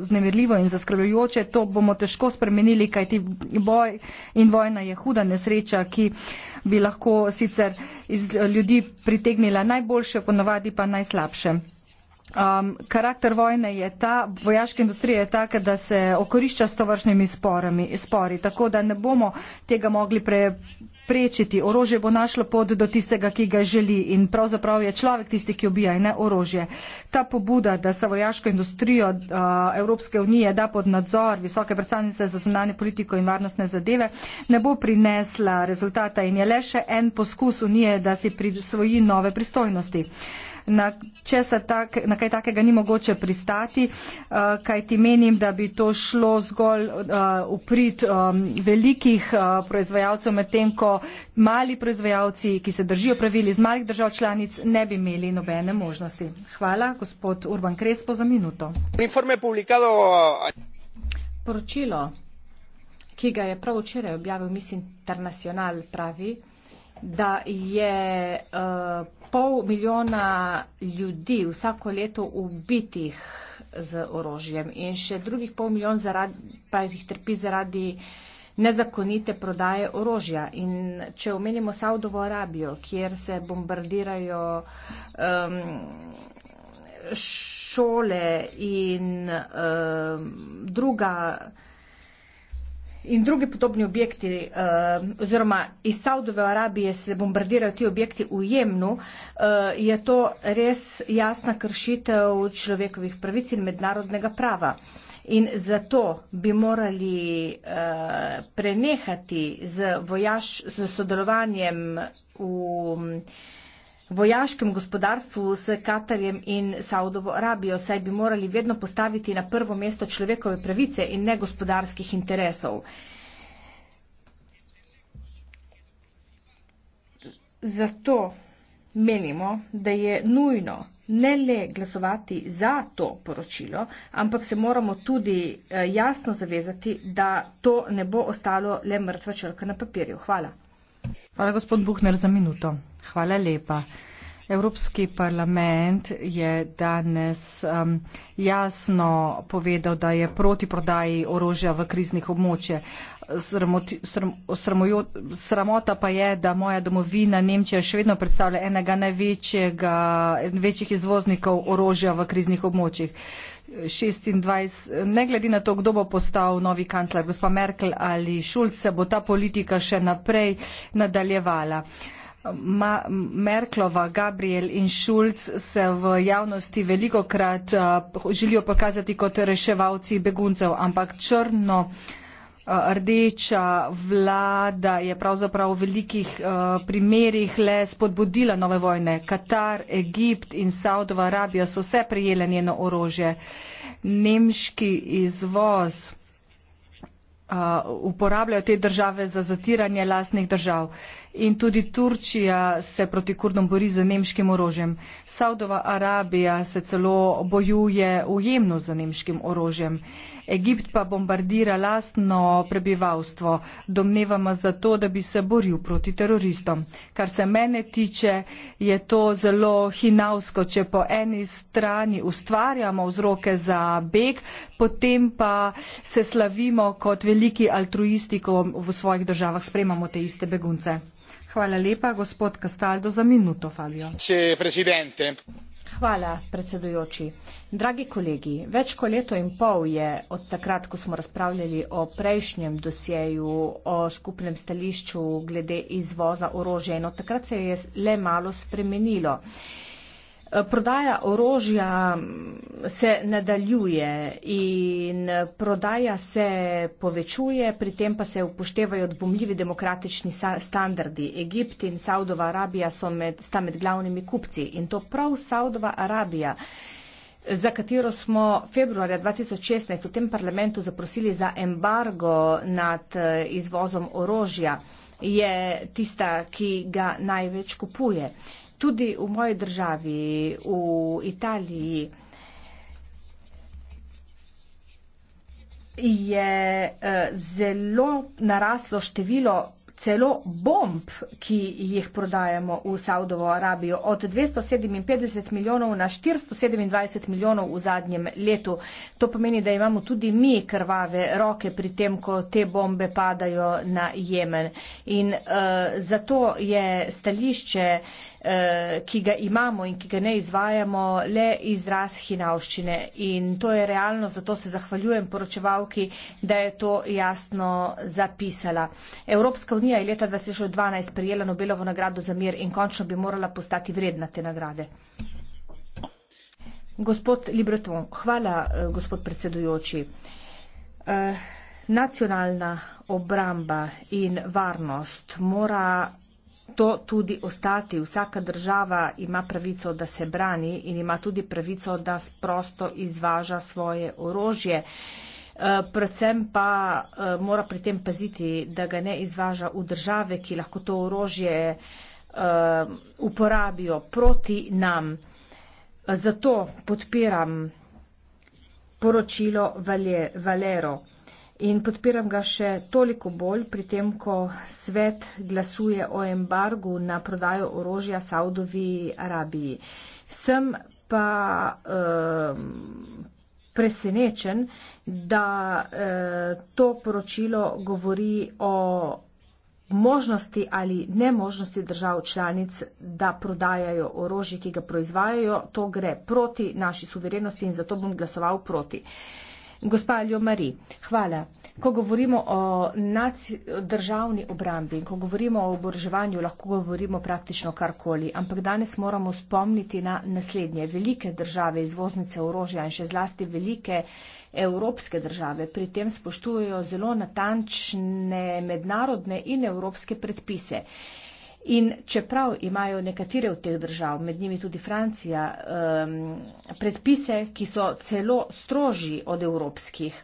znemirljivo in zaskrbljujoče, to bomo težko spremenili, kajti boj in vojna je huda nesreča, ki bi lahko sicer iz ljudi pritegnila najboljše, ponovadi pa najslabše. Um, karakter vojne je ta, vojaške industrije je taka, da se okorišča s tovršnimi sporami, spori, tako da ne bomo tega mogli preprečiti. Orožje bo našlo pot do tistega, ki ga želi in pravzaprav je človek tisti, ki ubija in ne orožje. Ta pobuda, da se vojaško industrijo uh, Evropske unije da pod nadzor visoke predstavnice za zunanje politiko in varnostne zadeve, ne bo prinesla rezultata in je le še en poskus unije, da si prisvoji nove pristojnosti. Uh, na, tak, na kaj takega ni mogoče pristati, eh, kaj ti menim, da bi to šlo zgolj eh, v prid um, velikih eh, proizvajalcev, medtem ko mali proizvajalci, ki se držijo pravili iz malih držav članic, ne bi imeli nobene možnosti. Hvala, gospod Urban Krespo, za minuto.
Poročilo, ki ga je prav včeraj objavil Miss International, pravi, da je uh, pol milijona ljudi vsako leto ubitih z orožjem in še drugih pol milijon zaradi, pa jih trpi zaradi nezakonite prodaje orožja. In če omenimo Saudovo Arabijo, kjer se bombardirajo um, šole in um, druga in drugi podobni objekti eh, oziroma iz Saudove Arabije se bombardirajo ti objekti v Jemnu, eh, je to res jasna kršitev človekovih pravic in mednarodnega prava. In zato bi morali eh, prenehati z, vojaš, z sodelovanjem v vojaškem gospodarstvu s Katarjem in Saudovo Arabijo, saj bi morali vedno postaviti na prvo mesto človekove pravice in ne gospodarskih interesov. Zato menimo, da je nujno ne le glasovati za to poročilo, ampak se moramo tudi eh, jasno zavezati, da to ne bo ostalo le mrtva črka na papirju. Hvala.
Hvala, gospod Buhner, za minuto. Hvala lepa. Evropski parlament je danes um, jasno povedal, da je proti prodaji orožja v kriznih območje. Sramoti, sram, sramojo, sramota pa je, da moja domovina Nemčija še vedno predstavlja enega največjega, največjih izvoznikov orožja v kriznih območjih. 26, ne glede na to, kdo bo postal novi kancler, gospa Merkel ali Šulce, bo ta politika še naprej nadaljevala. Uh, Ma Merklova, Gabriel in Šulc se v javnosti veliko krat uh, eh, želijo pokazati kot reševalci beguncev, ampak črno eh, rdeča vlada je pravzaprav v velikih uh, primerih le spodbudila nove vojne. Katar, Egipt in Saudova Arabija so vse prijele njeno orožje. Nemški izvoz uporabljajo te države za zatiranje lastnih držav. In tudi Turčija se proti Kurdom bori z nemškim orožjem. Saudova Arabija se celo bojuje ujemno z nemškim orožjem. Uh, Egipt pa bombardira lastno prebivalstvo, domnevamo zato, da bi se boril proti teroristom. Kar se mene tiče, je to zelo hinavsko, če po eni strani ustvarjamo vzroke za beg, potem pa se slavimo kot veliki altruisti, ko v svojih državah sprejmamo te iste begunce. Hvala lepa, gospod Castaldo,
za minuto, Fabio. Se, Hvala, predsedujoči. Dragi kolegi, več kot leto in pol je od takrat, ko smo razpravljali o prejšnjem dosjeju, o skupnem stališču glede izvoza orožja in od takrat se je le malo spremenilo. Prodaja orožja mm, se nadaljuje in prodaja se povečuje, pri tem pa se upoštevajo dvomljivi demokratični standardi. Egipt in Saudova Arabija so med, sta med glavnimi kupci in to prav Saudova Arabija, za katero smo februarja 2016 v tem parlamentu zaprosili za embargo nad izvozom orožja, je tista, ki ga največ kupuje tudi v moji državi, v Italiji, je eh, zelo naraslo število celo bomb, ki jih prodajamo v Saudovo Arabijo, od 257 milijonov na 427 milijonov v zadnjem letu. To pomeni, da imamo tudi mi krvave roke pri tem, ko te bombe padajo na Jemen. In uh, zato je stališče, uh, ki ga imamo in ki ga ne izvajamo, le izraz hinavščine. In to je realno, zato se zahvaljujem poročevalki, da je to jasno zapisala. Evropska unija je leta 2012 prijela Nobelovo nagrado za mir in končno bi morala postati vredna te nagrade. Gospod Libreton, hvala, eh, gospod predsedujoči. Eh, nacionalna obramba in varnost mora to tudi ostati. Vsaka država ima pravico, da se brani in ima tudi pravico, da prosto izvaža svoje orožje. Eh, predvsem pa eh, mora pri tem paziti, da ga ne izvaža v države, ki lahko to orožje eh, uporabijo proti nam. Zato podpiram poročilo Valero in podpiram ga še toliko bolj pri tem, ko svet glasuje o embargu na prodajo orožja Saudovi Arabiji. Sem pa presenečen, da eh, to poročilo govori o možnosti ali nemožnosti držav članic, da prodajajo orožje, ki ga proizvajajo. To gre proti naši suverenosti in zato bom glasoval proti. Gospa Ljomari, hvala. Ko govorimo o naci, državni obrambi in ko govorimo o oboroževanju, lahko govorimo praktično karkoli, ampak danes moramo spomniti na naslednje. Velike države, izvoznice orožja in še zlasti velike evropske države pri tem spoštujejo zelo natančne mednarodne in evropske predpise. In čeprav imajo nekatere od teh držav, med njimi tudi Francija, predpise, ki so celo strožji od evropskih.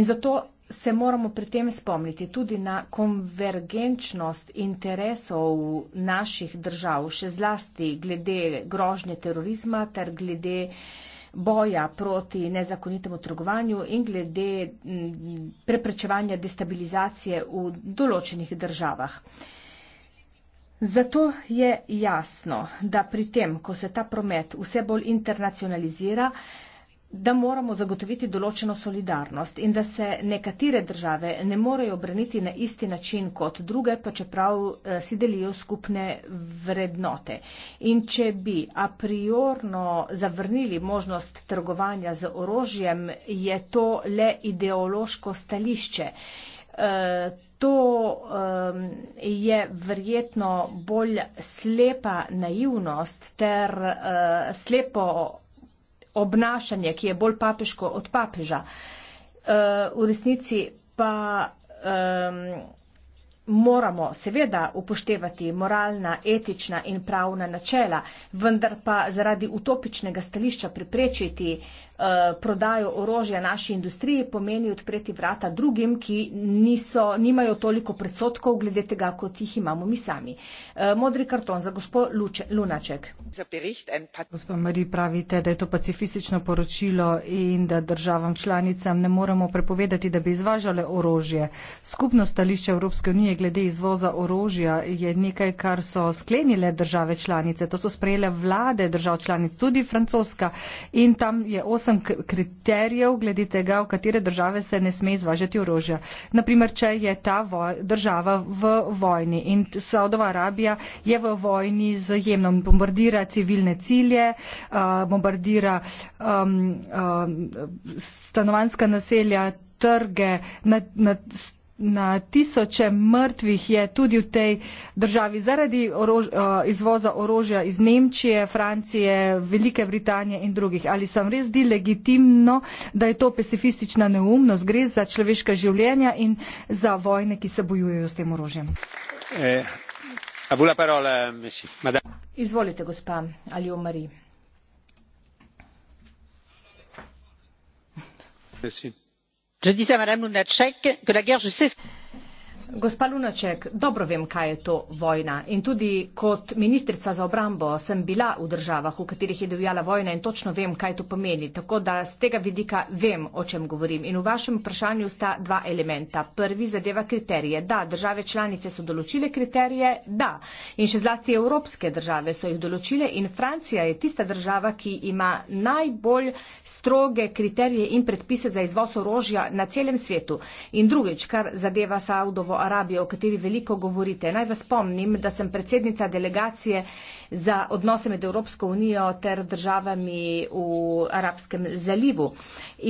In zato se moramo pri tem spomniti tudi na konvergenčnost interesov naših držav, še zlasti glede grožnje terorizma ter glede boja proti nezakonitemu trgovanju in glede preprečevanja destabilizacije v določenih državah. Zato je jasno, da pri tem, ko se ta promet vse bolj internacionalizira, da moramo zagotoviti določeno solidarnost in da se nekatere države ne morejo obraniti na isti način kot druge, pa čeprav eh, si delijo skupne vrednote. In če bi a priorno zavrnili možnost trgovanja z orožjem, je to le ideološko stališče. E, to um, je verjetno bolj slepa naivnost ter uh, slepo obnašanje, ki je bolj papeško od papeža. Uh, v resnici pa. Um, moramo seveda upoštevati moralna, etična in pravna načela, vendar pa zaradi utopičnega stališča preprečiti eh, prodajo orožja naši industriji pomeni odpreti vrata drugim, ki niso, nimajo toliko predsotkov glede tega, kot jih imamo mi sami. Eh, modri karton za gospod Lunaček. Gospod Mari, pravite, da je to pacifistično poročilo
in da državam članicam ne moremo prepovedati, da bi izvažale orožje. Skupno stališče Evropske unije sporazumi glede izvoza orožja je nekaj, kar so sklenile države članice. To so sprejele vlade držav članic, tudi francoska. In tam je osem kriterijev glede tega, v katere države se ne sme izvažati orožja. Naprimer, če je ta voj, država v vojni. In Saudova Arabija je v vojni z jemnom. Bombardira civilne cilje, uh, bombardira um, um, stanovanska naselja, trge. Na, na, na tisoče mrtvih je tudi v tej državi zaradi orož, eh, izvoza orožja iz Nemčije, Francije, Velike Britanije in drugih. Ali se vam res zdi legitimno, da je to pesifistična neumnost, gre za človeška življenja in za vojne,
ki se bojujejo s tem orožjem? Eh, Izvolite, gospa Aljo Mari je disais à mme lunacek que la guerre je sais ce que c'est. Gospa Lunaček, dobro vem, kaj je to vojna. In tudi kot ministrica za obrambo sem bila v državah, v katerih je divjala vojna in točno vem, kaj to pomeni. Tako da z tega vidika vem, o čem govorim. In v vašem vprašanju sta dva elementa. Prvi zadeva kriterije. Da, države članice so določile kriterije, da. In še zlasti evropske države so jih določile in Francija je tista država, ki ima najbolj stroge kriterije in predpise za izvoz orožja na celem svetu. In drugič, kar zadeva Saudovo Arabijo, o kateri veliko govorite. Naj vas spomnim, da sem predsednica delegacije za odnose med Evropsko unijo ter državami v Arabskem zalivu.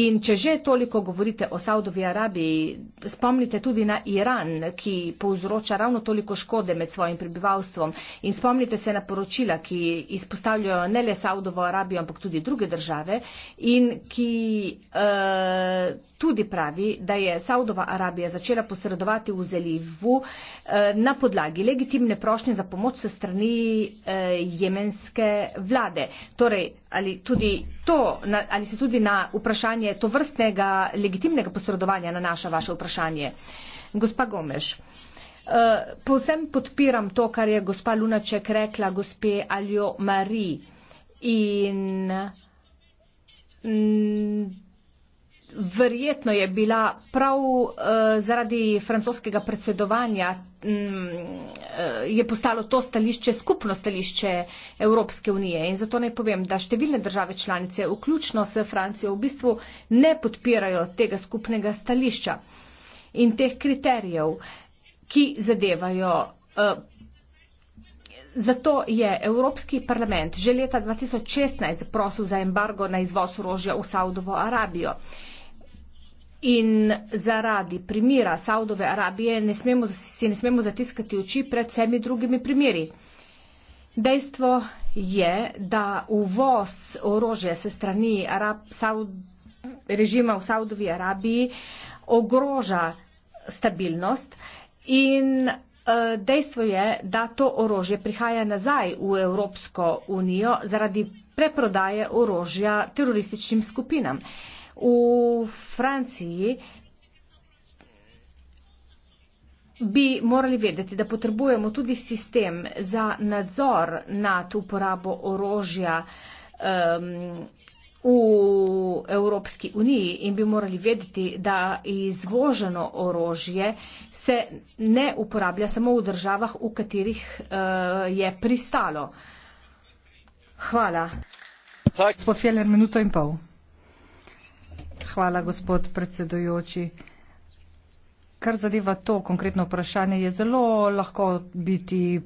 In če že toliko govorite o Saudovi Arabiji, spomnite tudi na Iran, ki povzroča ravno toliko škode med svojim prebivalstvom. In spomnite se na poročila, ki izpostavljajo ne le Saudovo Arabijo, ampak tudi druge države in ki uh, tudi pravi, da je Saudova Arabija začela posredovati v zelenju Deli Vu eh, na podlagi legitimne prošnje za pomoč se strani eh, jemenske vlade. Torej, ali, tudi to, ali se tudi na vprašanje to vrstnega legitimnega posredovanja nanaša vaše vprašanje? Gospa Gomeš. Uh, eh, povsem podpiram to, kar je gospa Lunaček rekla gospe Aljo Mari in mm, verjetno je bila prav uh, zaradi francoskega predsedovanja, um, uh, je postalo to stališče skupno stališče Evropske unije. In zato naj povem, da številne države članice, vključno s Francijo, v bistvu ne podpirajo tega skupnega stališča in teh kriterijev, ki zadevajo. Uh, Zato je Evropski parlament že leta 2016 zaprosil za embargo na izvoz orožja v Saudovo Arabijo. Uh, In zaradi primera Saudove Arabije ne smemo, si ne smemo zatiskati oči pred vsemi drugimi primeri. Dejstvo je, da uvoz orožja se strani Arab, Saud, režima v Saudovi Arabiji ogroža stabilnost in eh, dejstvo je, da to orožje prihaja nazaj v Evropsko unijo zaradi preprodaje orožja terorističnim skupinam. V Franciji bi morali vedeti, da potrebujemo tudi sistem za nadzor nad uporabo orožja um, v Evropski uniji in bi morali vedeti, da izvoženo orožje se ne uporablja samo v državah, v katerih uh, je pristalo. Hvala.
Gospod Fjeller, minuto in pol. Hvala, gospod predsedujoči. Kar zadeva to konkretno vprašanje, je zelo lahko biti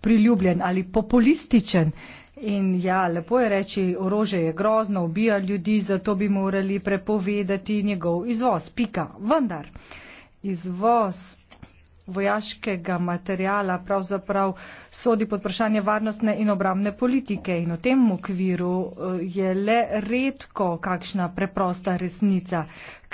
priljubljen ali populističen. In ja, lepo je reči, orože je grozno, ubija ljudi, zato bi morali prepovedati njegov izvoz. Pika. Vendar, izvoz vojaškega materijala pravzaprav sodi pod vprašanje varnostne in obramne politike in v tem okviru eh, je le redko kakšna preprosta resnica.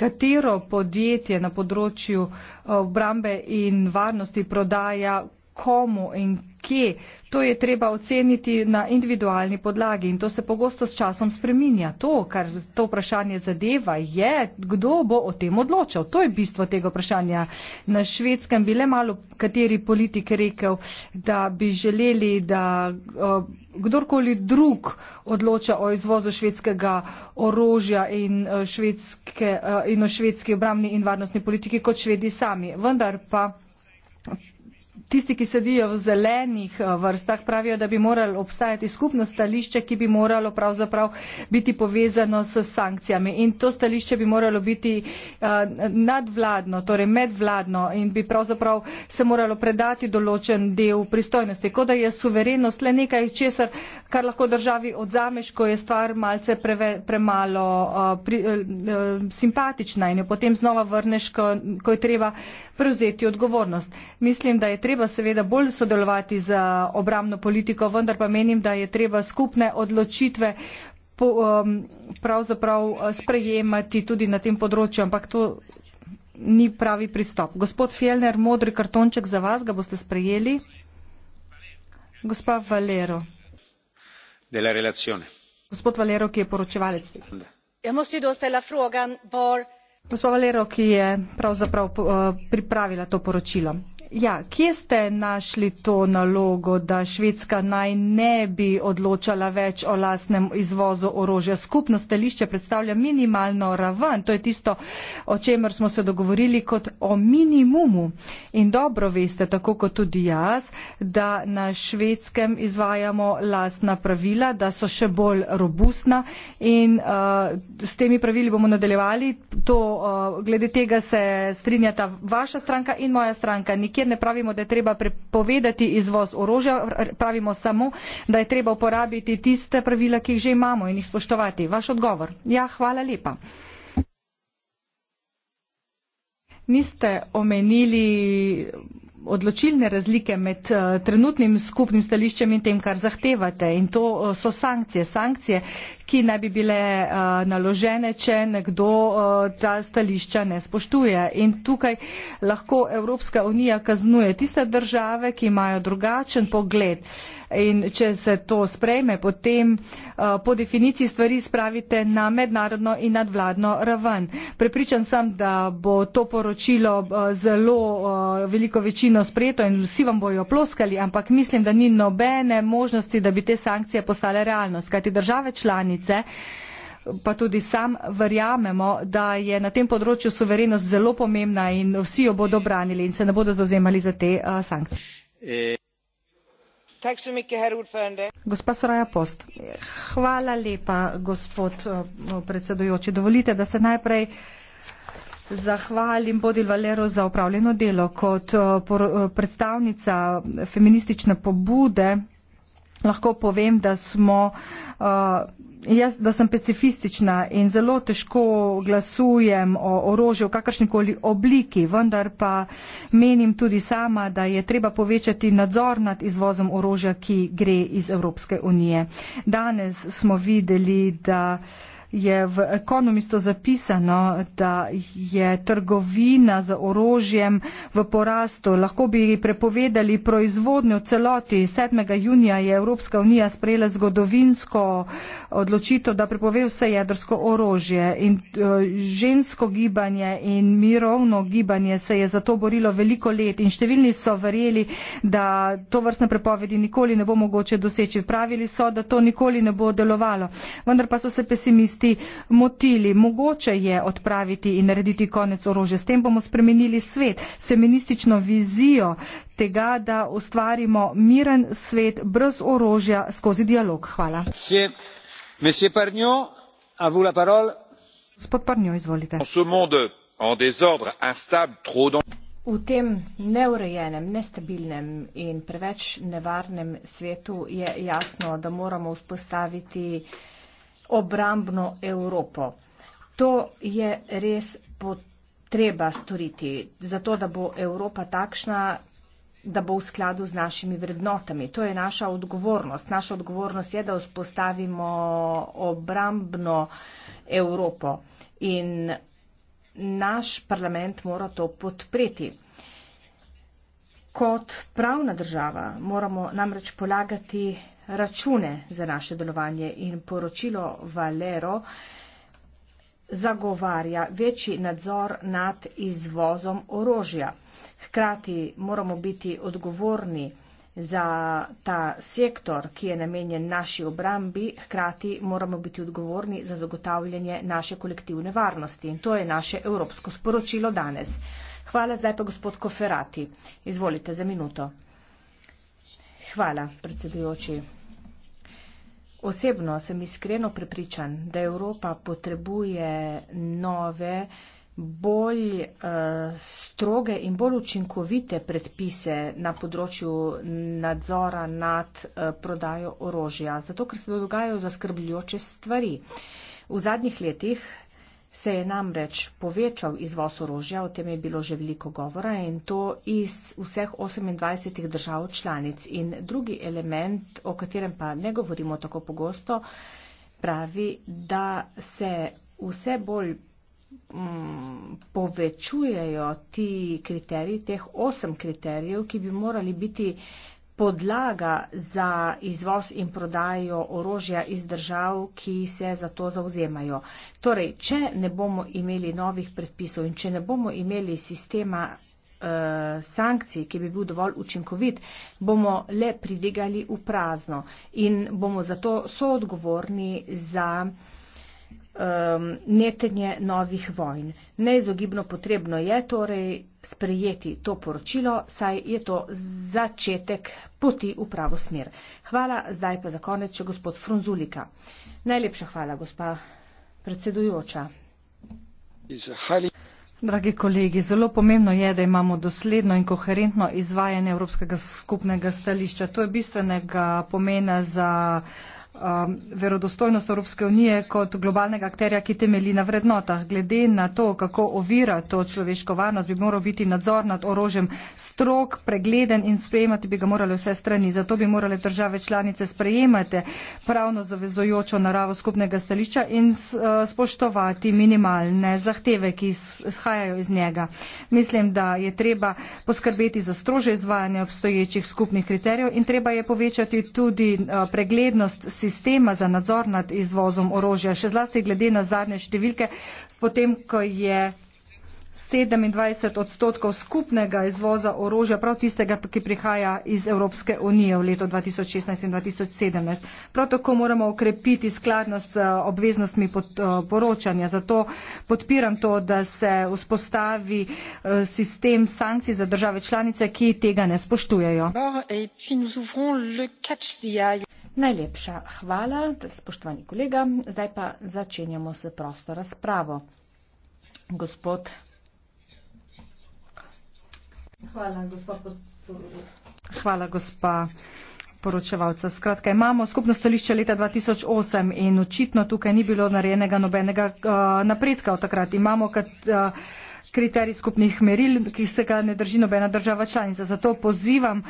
Katero podjetje na področju eh, obrambe in varnosti prodaja komu in kje, to je treba oceniti na individualni podlagi in to se pogosto s časom spreminja. To, kar to vprašanje zadeva, je, kdo bo o tem odločal. To je bistvo tega vprašanja. Na švedskem bi le malo kateri politik rekel, da bi želeli, da kdorkoli drug odloča o izvozu švedskega orožja in, e, švedske, e, in o švedski obramni in varnostni politiki kot švedi sami. Vendar pa tisti, ki sedijo v zelenih eh, vrstah, pravijo, da bi moralo obstajati skupno stališče, ki bi moralo pravzaprav biti povezano s sankcijami. In to stališče bi moralo biti eh, nadvladno, torej medvladno in bi pravzaprav se moralo predati določen del pristojnosti. Kot da je suverenost le nekaj česar, kar lahko državi odzameš, ko je stvar malce preve, premalo eh, pri, simpatična in jo potem znova vrneš, ko, ko je treba prevzeti odgovornost. Mislim, da je treba seveda bolj sodelovati z obramno politiko, vendar pa menim, da je treba skupne odločitve po, um, pravzaprav uh, sprejemati tudi na tem področju, ampak to ni pravi pristop. Gospod Fjellner, modri kartonček za vas, ga boste sprejeli. Gospa Valero.
Della relazione.
Gospod Valero, ki je poročevalec. Gospa Valero, ki je pravzaprav uh, pripravila to poročilo. Ja, kje ste našli to nalogo, da Švedska naj ne bi odločala več o lastnem izvozu orožja? Skupno stališče predstavlja minimalno raven, to je tisto, o čemer smo se dogovorili kot o minimumu. In dobro veste, tako kot tudi jaz, da na švedskem izvajamo lastna pravila, da so še bolj robustna in uh, s temi pravili bomo nadaljevali. To, uh, glede tega se strinjata vaša stranka in moja stranka. Nik nikjer ne pravimo da je treba prepovedati izvoz orožja pravimo samo da je treba uporabiti tiste pravila ki jih že imamo in jih spoštovati vaš odgovor ja hvala lepa niste omenili odločilne razlike med eh, trenutnim skupnim stališčem in tem, kar zahtevate. In to eh, so sankcije. Sankcije, ki ne bi bile uh, naložene, če nekdo uh, ta stališča ne spoštuje. In tukaj lahko Evropska unija kaznuje tiste države, ki imajo drugačen pogled. In če se to sprejme, potem uh, po definiciji stvari spravite na mednarodno in nadvladno raven. Prepričan sem, da bo to poročilo uh, zelo uh, veliko večino sprejeto in vsi vam bojo ploskali, ampak mislim, da ni nobene možnosti, da bi te sankcije postale realnost. Kajti države članice članice. Pa tudi sam verjamemo, da je na tem področju suverenost zelo pomembna in vsi jo bodo branili in se ne bodo zauzemali za te uh, sankcije. Eh, Gospa Soraja Post. Hvala lepa, gospod eh, predsedujoči. Dovolite, da se najprej zahvalim Bodil Valero za upravljeno delo kot eh, predstavnica feministične pobude. Lahko povem, da smo uh, jaz, da sem pacifistična in zelo težko glasujem o orožju v kakršnikoli obliki, vendar pa menim tudi sama, da je treba povečati nadzor nad izvozom orožja, ki gre iz Evropske unije. Danes smo videli, da uh, je v Economistu zapisano, da je trgovina z orožjem v porastu. Lahko bi prepovedali proizvodnjo celoti. 7. junija je Evropska unija sprejela zgodovinsko odločitev, da prepove vse jedrsko orožje. In eh, žensko gibanje in mirovno gibanje se je za to borilo veliko let in številni so verjeli, da to vrstne prepovedi nikoli ne bo mogoče doseči. Pravili so, da to nikoli ne bo delovalo. Vendar pa so se pesimisti oblasti motili. Mogoče je odpraviti in narediti konec orožja. S tem bomo spremenili svet, feministično vizijo tega, da ustvarimo miren svet brez orožja skozi dialog. Hvala.
Gospod Parnjo, izvolite. V tem neurejenem, nestabilnem in preveč nevarnem svetu je jasno, da moramo vzpostaviti uh, obrambno Evropo. To je res potreba storiti, zato da bo Evropa takšna, da bo v skladu z našimi vrednotami. To je naša odgovornost. Naša odgovornost je, da vzpostavimo obrambno Evropo in naš parlament mora to podpreti. Kot pravna država moramo namreč polagati račune za naše delovanje in poročilo Valero zagovarja večji nadzor nad izvozom orožja. Hkrati moramo biti odgovorni za ta sektor, ki je namenjen naši obrambi, hkrati moramo biti odgovorni za zagotavljanje naše kolektivne varnosti. In to je naše evropsko sporočilo danes. Hvala zdaj pa gospod Koferati. Izvolite za minuto. Hvala, predsedujoči. Osebno sem iskreno prepričan, da Evropa potrebuje nove, bolj uh, stroge in bolj učinkovite predpise na področju nadzora nad uh, prodajo orožja, zato ker se dogajajo zaskrbljujoče stvari. V zadnjih letih se je namreč povečal izvoz orožja, o tem je bilo že veliko govora in to iz vseh 28 držav članic. In drugi element, o katerem pa ne govorimo tako pogosto, pravi, da se vse bolj mm, povečujejo ti kriteriji, teh osem kriterijev, ki bi morali biti eh, podlaga za izvoz in prodajo orožja iz držav, ki se za to zauzemajo. Torej, če ne bomo imeli novih predpisov in če ne bomo imeli sistema eh, sankcij, ki bi bil dovolj učinkovit, bomo le pridigali v prazno in bomo zato soodgovorni za um, netenje novih vojn. Neizogibno potrebno je torej sprejeti to poročilo, saj je to začetek poti v pravo smer. Hvala, zdaj pa za konec še gospod Frunzulika. Najlepša hvala, gospa predsedujoča. Dragi kolegi, zelo pomembno je, da imamo dosledno in
koherentno izvajanje Evropskega skupnega stališča. To je bistvenega pomena za um, verodostojnost Evropske unije kot globalnega akterja, ki temelji na vrednotah. Glede na to, kako ovira to človeško varnost, bi moral biti nadzor nad orožjem strok, pregleden in sprejemati bi ga morali vse strani. Zato bi morale države članice sprejemati pravno zavezojočo naravo skupnega stališča in s, uh, spoštovati minimalne zahteve, ki izhajajo iz njega. Mislim, da je treba poskrbeti za strože izvajanje obstoječih skupnih kriterijev in treba je povečati tudi uh, preglednost sistema za nadzor nad izvozom orožja, še zlasti glede na zadnje številke, potem, ko je 27 odstotkov skupnega izvoza orožja, prav tistega, ki prihaja iz Evropske unije v letu 2016 in 2017. Prav tako moramo ukrepiti skladnost z obveznostmi eh, poročanja. Zato podpiram to, da se vzpostavi eh, sistem sankcij za države članice, ki tega ne spoštujejo.
Najlepša hvala, spoštovani kolega. Zdaj pa začenjamo s prosto razpravo. Gospod.
Hvala, gospa, hvala, gospa poročevalca. Skratka, imamo skupno stališče leta 2008 in očitno tukaj ni bilo narejenega nobenega uh, napredka od takrat. Imamo, kad, uh, eh, kriterij skupnih meril, ki se ga ne drži nobena država članica. Zato pozivam,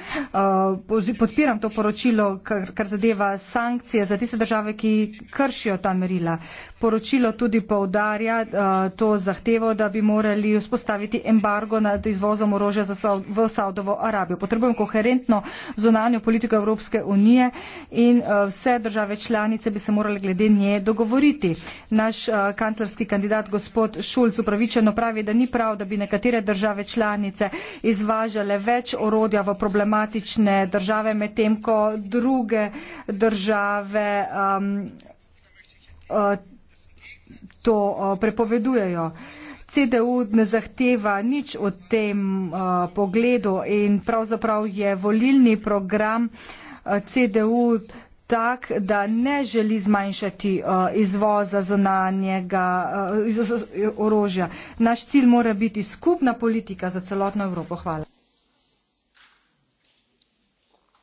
uh, podpiram to poročilo, kar, kar zadeva sankcije za tiste države, ki kršijo ta merila. Poročilo tudi povdarja uh, to zahtevo, da bi morali vzpostaviti embargo nad izvozom orožja v Saudovo Arabijo. Potrebujemo koherentno zunanjo politiko Evropske unije in uh, vse države članice bi se morali glede nje dogovoriti. Naš kanclerski kandidat gospod Šulc upravičeno pravi, da ni ni prav, da bi nekatere države članice izvažale več orodja v problematične države, medtem ko druge države um, uh, to uh, prepovedujejo. CDU ne zahteva nič v tem uh, pogledu in pravzaprav je volilni program uh, CDU uh, tak, da ne želi zmanjšati uh, izvoza zunanjega uh, iz, orožja. Naš cilj mora biti skupna politika za celotno Evropo. Hvala.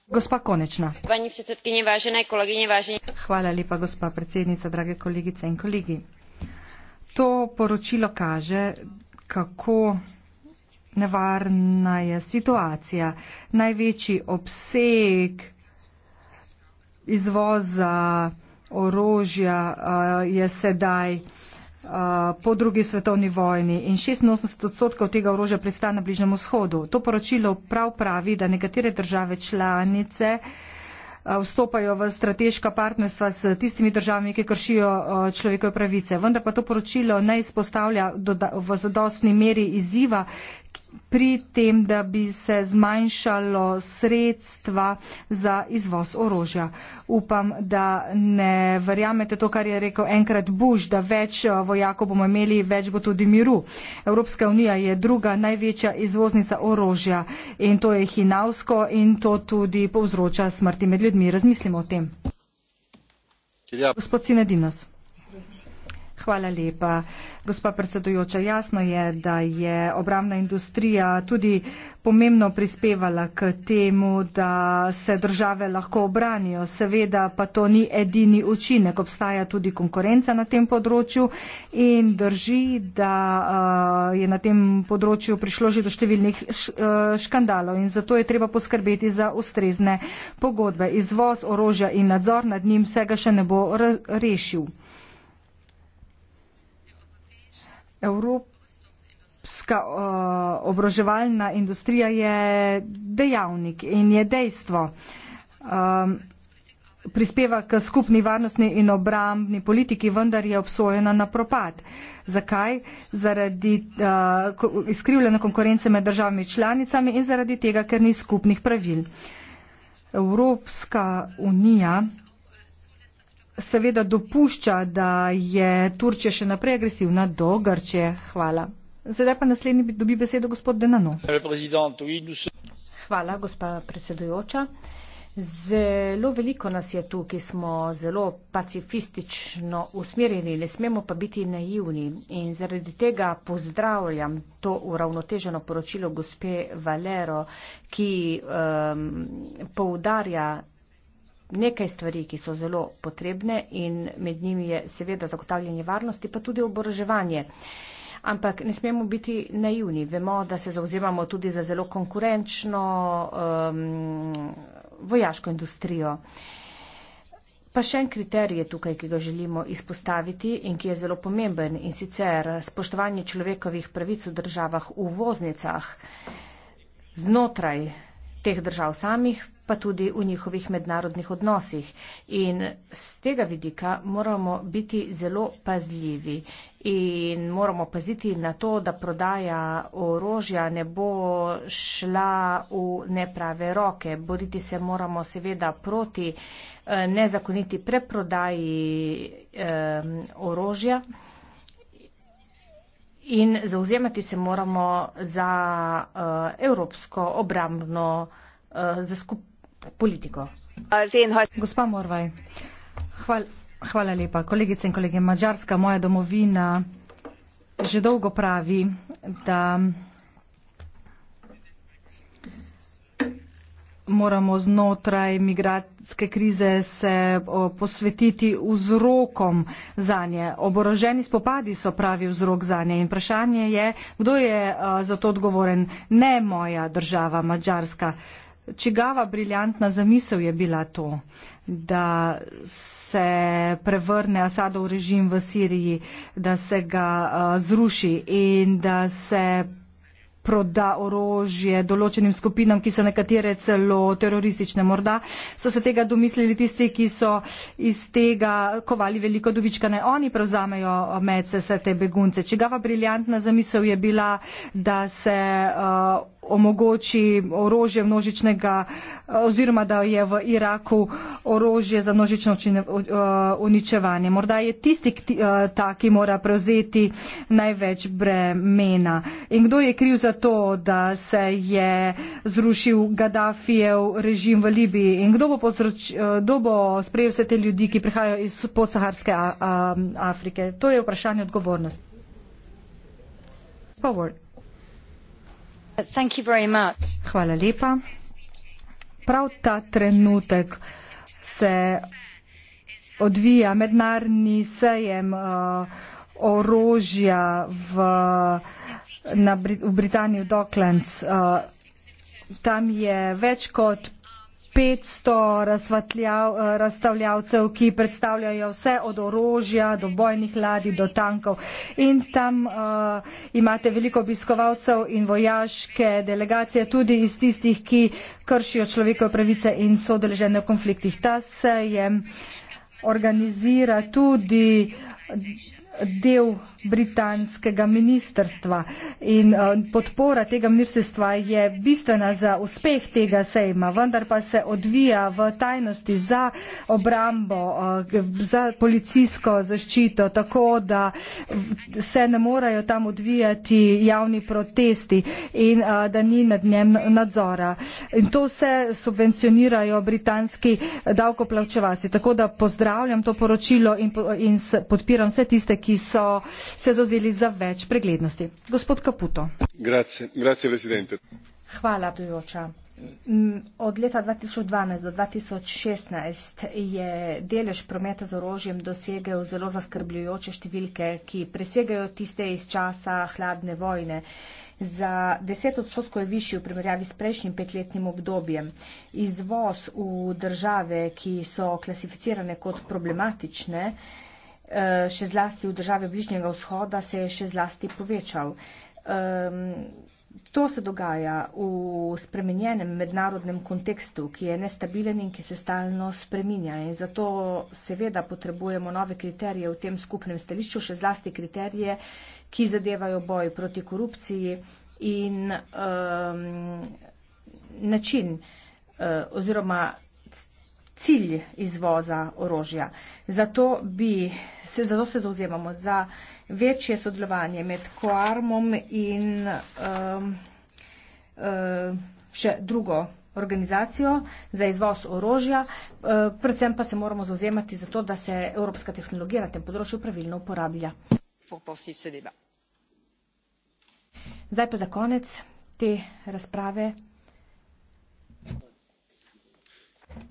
Gospa Konečna. Vážene kolegine, vážene... Hvala lepa, gospa predsednica, drage kolegice in kolegi. To poročilo kaže, kako nevarna je situacija. Največji obseg izvoza orožja je sedaj po drugi svetovni vojni in 86 odstotkov tega orožja pristane na Bližnjem vzhodu. To poročilo prav pravi, da nekatere države članice vstopajo v strateška partnerstva s tistimi državami, ki kršijo človekove pravice. Vendar pa to poročilo ne izpostavlja v zadostni meri izziva, pri tem, da bi se zmanjšalo sredstva za izvoz orožja. Upam, da ne verjamete to, kar je rekel enkrat Bush, da več eh, vojakov bomo imeli, več bo tudi miru. Evropska unija je druga največja izvoznica orožja in to je hinavsko in to tudi povzroča smrti med ljudmi. Razmislimo o tem. Gospod Sinedinas. Hvala lepa. Gospa predsedujoča, jasno je, da je obramna industrija tudi pomembno prispevala k temu, da se države lahko obranijo. Seveda pa to ni edini učinek. Obstaja tudi konkurenca na tem področju in drži, da eh, je na tem področju prišlo že do številnih eh, škandalov in zato je treba poskrbeti za ustrezne pogodbe. Izvoz orožja in nadzor nad njim vsega še ne bo rešil. Evropska uh, obroževalna industrija je dejavnik in je dejstvo. Um, prispeva k skupni varnostni in obrambni politiki, vendar je obsojena na propad. Zakaj? Zaradi uh, izkrivljene konkurence med državami članicami in zaradi tega, ker ni skupnih pravil. Evropska unija seveda dopušča, da je Turčija še naprej agresivna do
Grčije. Hvala. Zdaj pa naslednji dobi besedo gospod Denano. Hvala, gospa predsedujoča. Zelo veliko nas je tu, ki smo zelo pacifistično usmerjeni, ne smemo pa biti naivni. In zaradi tega pozdravljam to uravnoteženo poročilo gospe Valero, ki um, poudarja nekaj stvari, ki so zelo potrebne in med njimi je seveda zagotavljanje varnosti, pa tudi oboroževanje. Ampak ne smemo biti naivni. Vemo, da se zauzemamo tudi za zelo konkurenčno um, vojaško industrijo. Pa še en kriterij je tukaj, ki ga želimo izpostaviti in ki je zelo pomemben in sicer spoštovanje človekovih pravic v državah, v voznicah, znotraj teh držav samih, pa tudi v njihovih mednarodnih odnosih. In z tega vidika moramo biti zelo pazljivi in moramo paziti na to, da prodaja orožja ne bo šla v neprave roke. Boriti se moramo seveda proti eh, nezakoniti preprodaji eh, orožja. In zauzemati se moramo za uh, evropsko obrambno, uh, za skup, politiko. Gospa Morvaj,
hval, hvala lepa. Kolegice in kolege, Mačarska, moja domovina, že dolgo pravi, da moramo znotraj migratske krize se posvetiti vzrokom za nje. Oboroženi spopadi so pravi vzrok za nje in vprašanje je, kdo je za to odgovoren. Ne moja država, Mačarska. Čigava briljantna zamisel je bila to, da se prevrne Asadov režim v Siriji, da se ga uh, zruši in da se proda orožje določenim skupinam, ki so nekatere celo teroristične. Morda so se tega domislili tisti, ki so iz tega kovali veliko dobička. Ne oni prevzamejo med se vse te begunce. Čigava briljantna zamisel je bila, da se uh, omogoči orožje množičnega uh, oziroma da je v Iraku orožje za množično uh, uničevanje. Morda je tisti uh, ta, ki mora prevzeti največ bremena. In kdo je kriv za to, da se je zrušil Gaddafijev režim v Libiji in kdo bo, pozroč, eh, kdo bo sprejel vse te ljudi, ki prihajajo iz podsaharske Afrike. To je vprašanje odgovornosti. Hvala lepa. Prav ta trenutek se odvija mednarni sejem uh, orožja v. Uh, na Br v Britaniji v Docklands. Uh, tam je več kot 500 razstavljav, uh, razstavljavcev, ki predstavljajo vse od orožja do bojnih ladij do tankov. In tam uh, imate veliko obiskovalcev in vojaške delegacije, tudi iz tistih, ki kršijo človekove pravice in so deležene v konfliktih. Ta se je organizira tudi del britanskega ministrstva in eh, podpora tega ministrstva je bistvena za uspeh tega sejma, vendar pa se odvija v tajnosti za obrambo, eh, za policijsko zaščito, tako da se ne morejo tam odvijati javni protesti in eh, da ni nad njem nadzora. In to vse subvencionirajo britanski davkoplavčevalci, tako da pozdravljam to poročilo in podpiram vse tiste, ki ki so se zauzeli za
več preglednosti. Gospod Kaputo. Grazie, grazie presidente. Hvala, predsedujoča. Mm, od leta 2012 do 2016 je delež prometa z orožjem dosegel zelo zaskrbljujoče številke, ki presegajo tiste iz časa hladne vojne. Za 10 odstotkov je višji v primerjavi s prejšnjim petletnim obdobjem. Izvoz v države, ki so klasificirane kot problematične, Eh, še zlasti v države Bližnjega vzhoda, se je še zlasti povečal. To se dogaja v spremenjenem mednarodnem kontekstu, ki je nestabilen in ki se stalno spreminja. In zato seveda potrebujemo nove kriterije v tem skupnem stališču, še zlasti kriterije, ki zadevajo boj proti korupciji in um, način uh, oziroma cilj izvoza orožja. Zato, bi, se, zato se zauzemamo za večje sodelovanje med Koarmom in um, um, še drugo organizacijo za izvoz orožja. Um, predvsem pa se moramo zauzemati za to, da se evropska tehnologija na tem področju pravilno uporablja. Zdaj pa za konec te razprave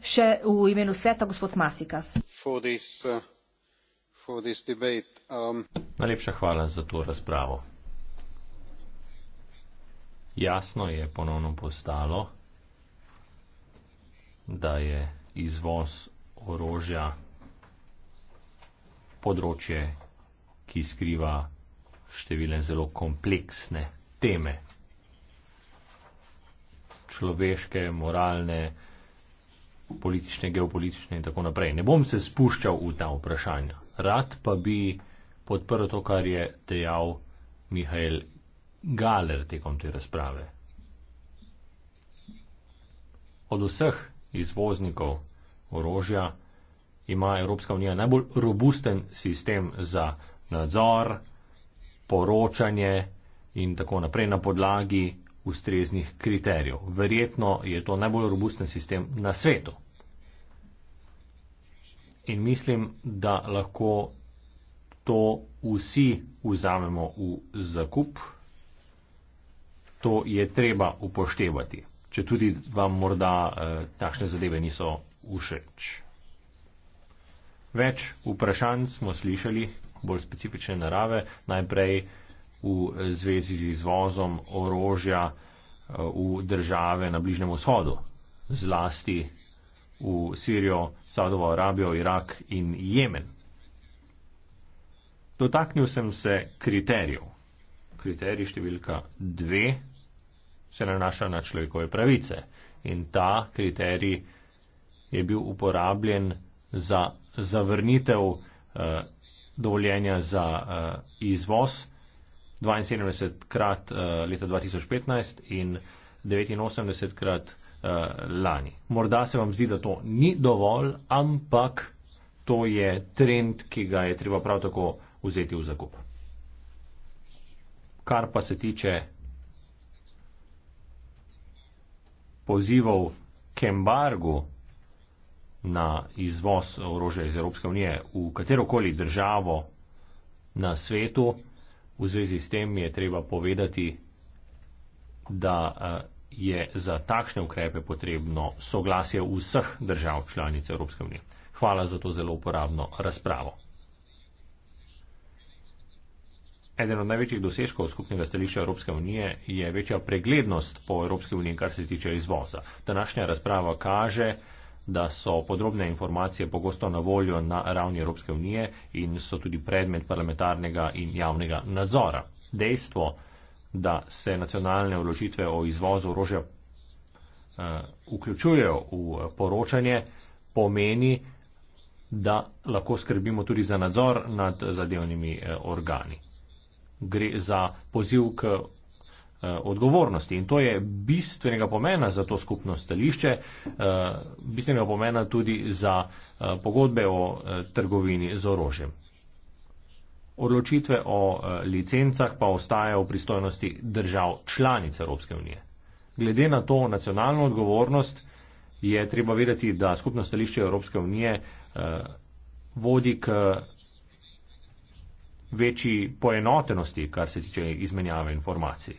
Še v imenu sveta, gospod Masikas.
Uh, um, Najlepša hvala za to razpravo. Jasno je ponovno postalo, da je izvoz orožja področje, ki skriva številne zelo kompleksne teme človeške, moralne, politične, geopolitične in tako naprej. Ne bom se spuščal v ta vprašanja. Rad pa bi podprl to, kar je dejal Mihajl Galer tekom te razprave. Od vseh izvoznikov orožja ima Evropska unija najbolj robusten sistem za nadzor, poročanje in tako naprej na podlagi ustreznih kriterijev. Verjetno je to najbolj robusten sistem na svetu. In mislim, da lahko to vsi vzamemo v zakup. To je treba upoštevati, če tudi vam morda eh, takšne zadeve niso všeč. Več vprašanj smo slišali, bolj specifične narave. Najprej eh, v zvezi z izvozom orožja eh, v države na Bližnem vzhodu, zlasti v Sirijo, Saudovo Arabijo, Irak in Jemen. Dotaknil sem se kriterijev. Kriterij številka dve se nanaša na človekove pravice in ta kriterij je bil uporabljen za zavrnitev eh, dovoljenja za eh, izvoz. 72 krat uh, eh, leta 2015 in 89 krat uh, lani. Morda se vam zdi, da to ni dovolj, ampak to je trend, ki ga je treba prav tako vzeti v zakup. Kar pa se tiče pozivov k embargu na izvoz orožja iz Evropske unije v katerokoli državo na svetu, V zvezi s tem je treba povedati, da eh, je za takšne ukrepe potrebno soglasje vseh držav članic Evropske unije. Hvala za to zelo uporabno razpravo. Eden od največjih dosežkov skupnega stališča Evropske unije je večja preglednost po Evropski uniji, kar se tiče izvoza. Današnja razprava kaže, da so podrobne informacije pogosto na voljo na ravni Evropske unije in so tudi predmet parlamentarnega in javnega nadzora. Dejstvo, da se nacionalne vložitve o izvozu orožja eh, vključujejo v eh, poročanje, pomeni, da lahko skrbimo tudi za nadzor nad zadevnimi eh, organi. Gre za poziv k Eh, odgovornosti. In to je bistvenega pomena za to skupno stališče, eh, bistvenega pomena tudi za eh, pogodbe o trgovini z orožjem. Odločitve o licencah pa ostajajo v pristojnosti držav članic Evropske unije. Glede na to nacionalno odgovornost je treba vedeti, da skupno stališče Evropske unije eh, vodi k večji poenotenosti, kar se tiče izmenjave informacij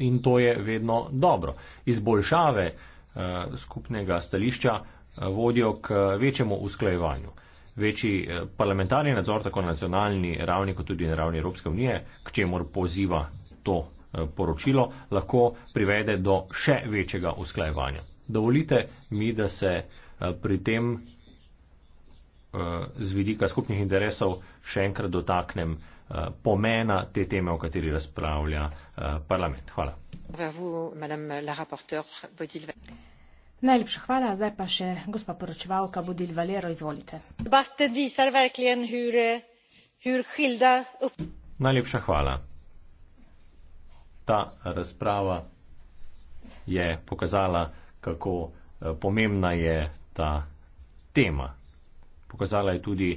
in to je vedno dobro. Izboljšave eh, skupnega stališča eh, vodijo k eh, večjemu usklajevanju. Večji parlamentarni nadzor, tako na nacionalni ravni, kot tudi na ravni Evropske unije, k čemu poziva to poročilo, lahko privede do še večjega usklajevanja. Dovolite mi, da se pri tem z vidika skupnih interesov še enkrat dotaknem Eh, pomena te teme, o kateri razpravlja eh, parlament. Hvala.
Najlepša hvala. Zdaj pa še gospa poročevalka Budil Valero, izvolite. Eh,
Najlepša hvala. Ta razprava je pokazala, kako pomembna je ta tema. Pokazala je tudi,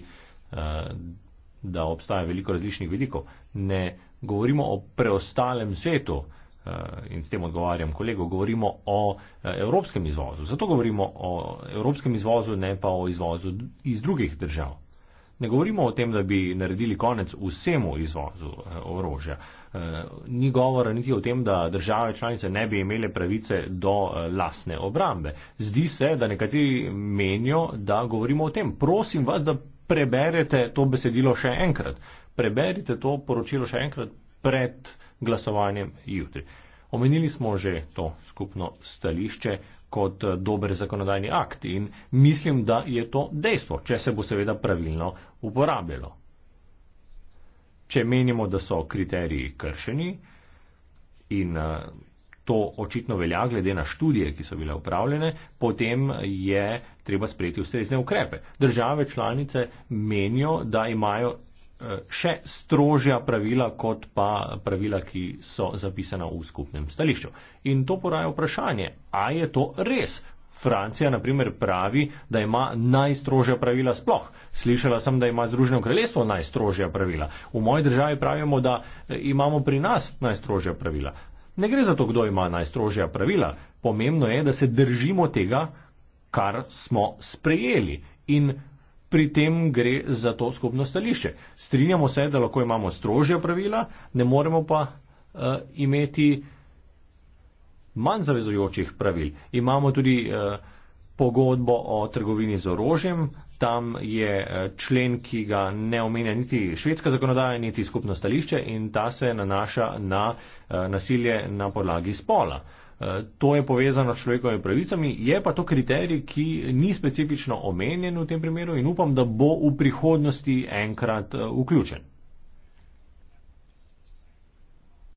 da obstaja veliko različnih vidikov. Ne govorimo o preostalem svetu eh, in s tem odgovarjam kolego, govorimo o eh, evropskem izvozu. Zato govorimo o evropskem izvozu, ne pa o izvozu iz drugih držav. Ne govorimo o tem, da bi naredili konec vsemu izvozu eh, orožja. Ni govora niti o tem, da države članice ne bi imele pravice do lasne obrambe. Zdi se, da nekateri menijo, da govorimo o tem. Prosim vas, da preberete to besedilo še enkrat. Preberite to poročilo še enkrat pred glasovanjem jutri. Omenili smo že to skupno stališče kot eh, dober zakonodajni akt in mislim, da je to dejstvo, če se bo seveda pravilno uporabljalo. Če menimo, da so kriteriji kršeni in eh, to očitno velja, glede na študije, ki so bile upravljene, potem je treba sprejeti ustrezne ukrepe. Države članice menijo, da imajo eh, še strožja pravila, kot pa pravila, ki so zapisana v skupnem stališču. In to poraja vprašanje, a je to res? Francija, na primer, pravi, da ima najstrožja pravila sploh. Slišala sem, da ima Združeno kraljestvo najstrožja pravila. V moji državi pravimo, da eh, imamo pri nas najstrožja pravila. Ne gre za to, kdo ima najstrožja pravila. Pomembno je, da se držimo tega, kar smo sprejeli in pri tem gre za to skupno stališče. Strinjamo se, da lahko imamo strožja pravila, ne moremo pa uh, imeti manj zavezujočih pravil. Imamo tudi uh, pogodbo o trgovini z orožjem, tam je eh, člen, ki ga ne omenja niti švedska zakonodaja, niti skupno stališče in ta se nanaša na eh, nasilje na podlagi spola. Eh, to je povezano s človekovimi pravicami, je pa to kriterij, ki ni specifično omenjen v tem primeru in upam, da bo v prihodnosti enkrat vključen.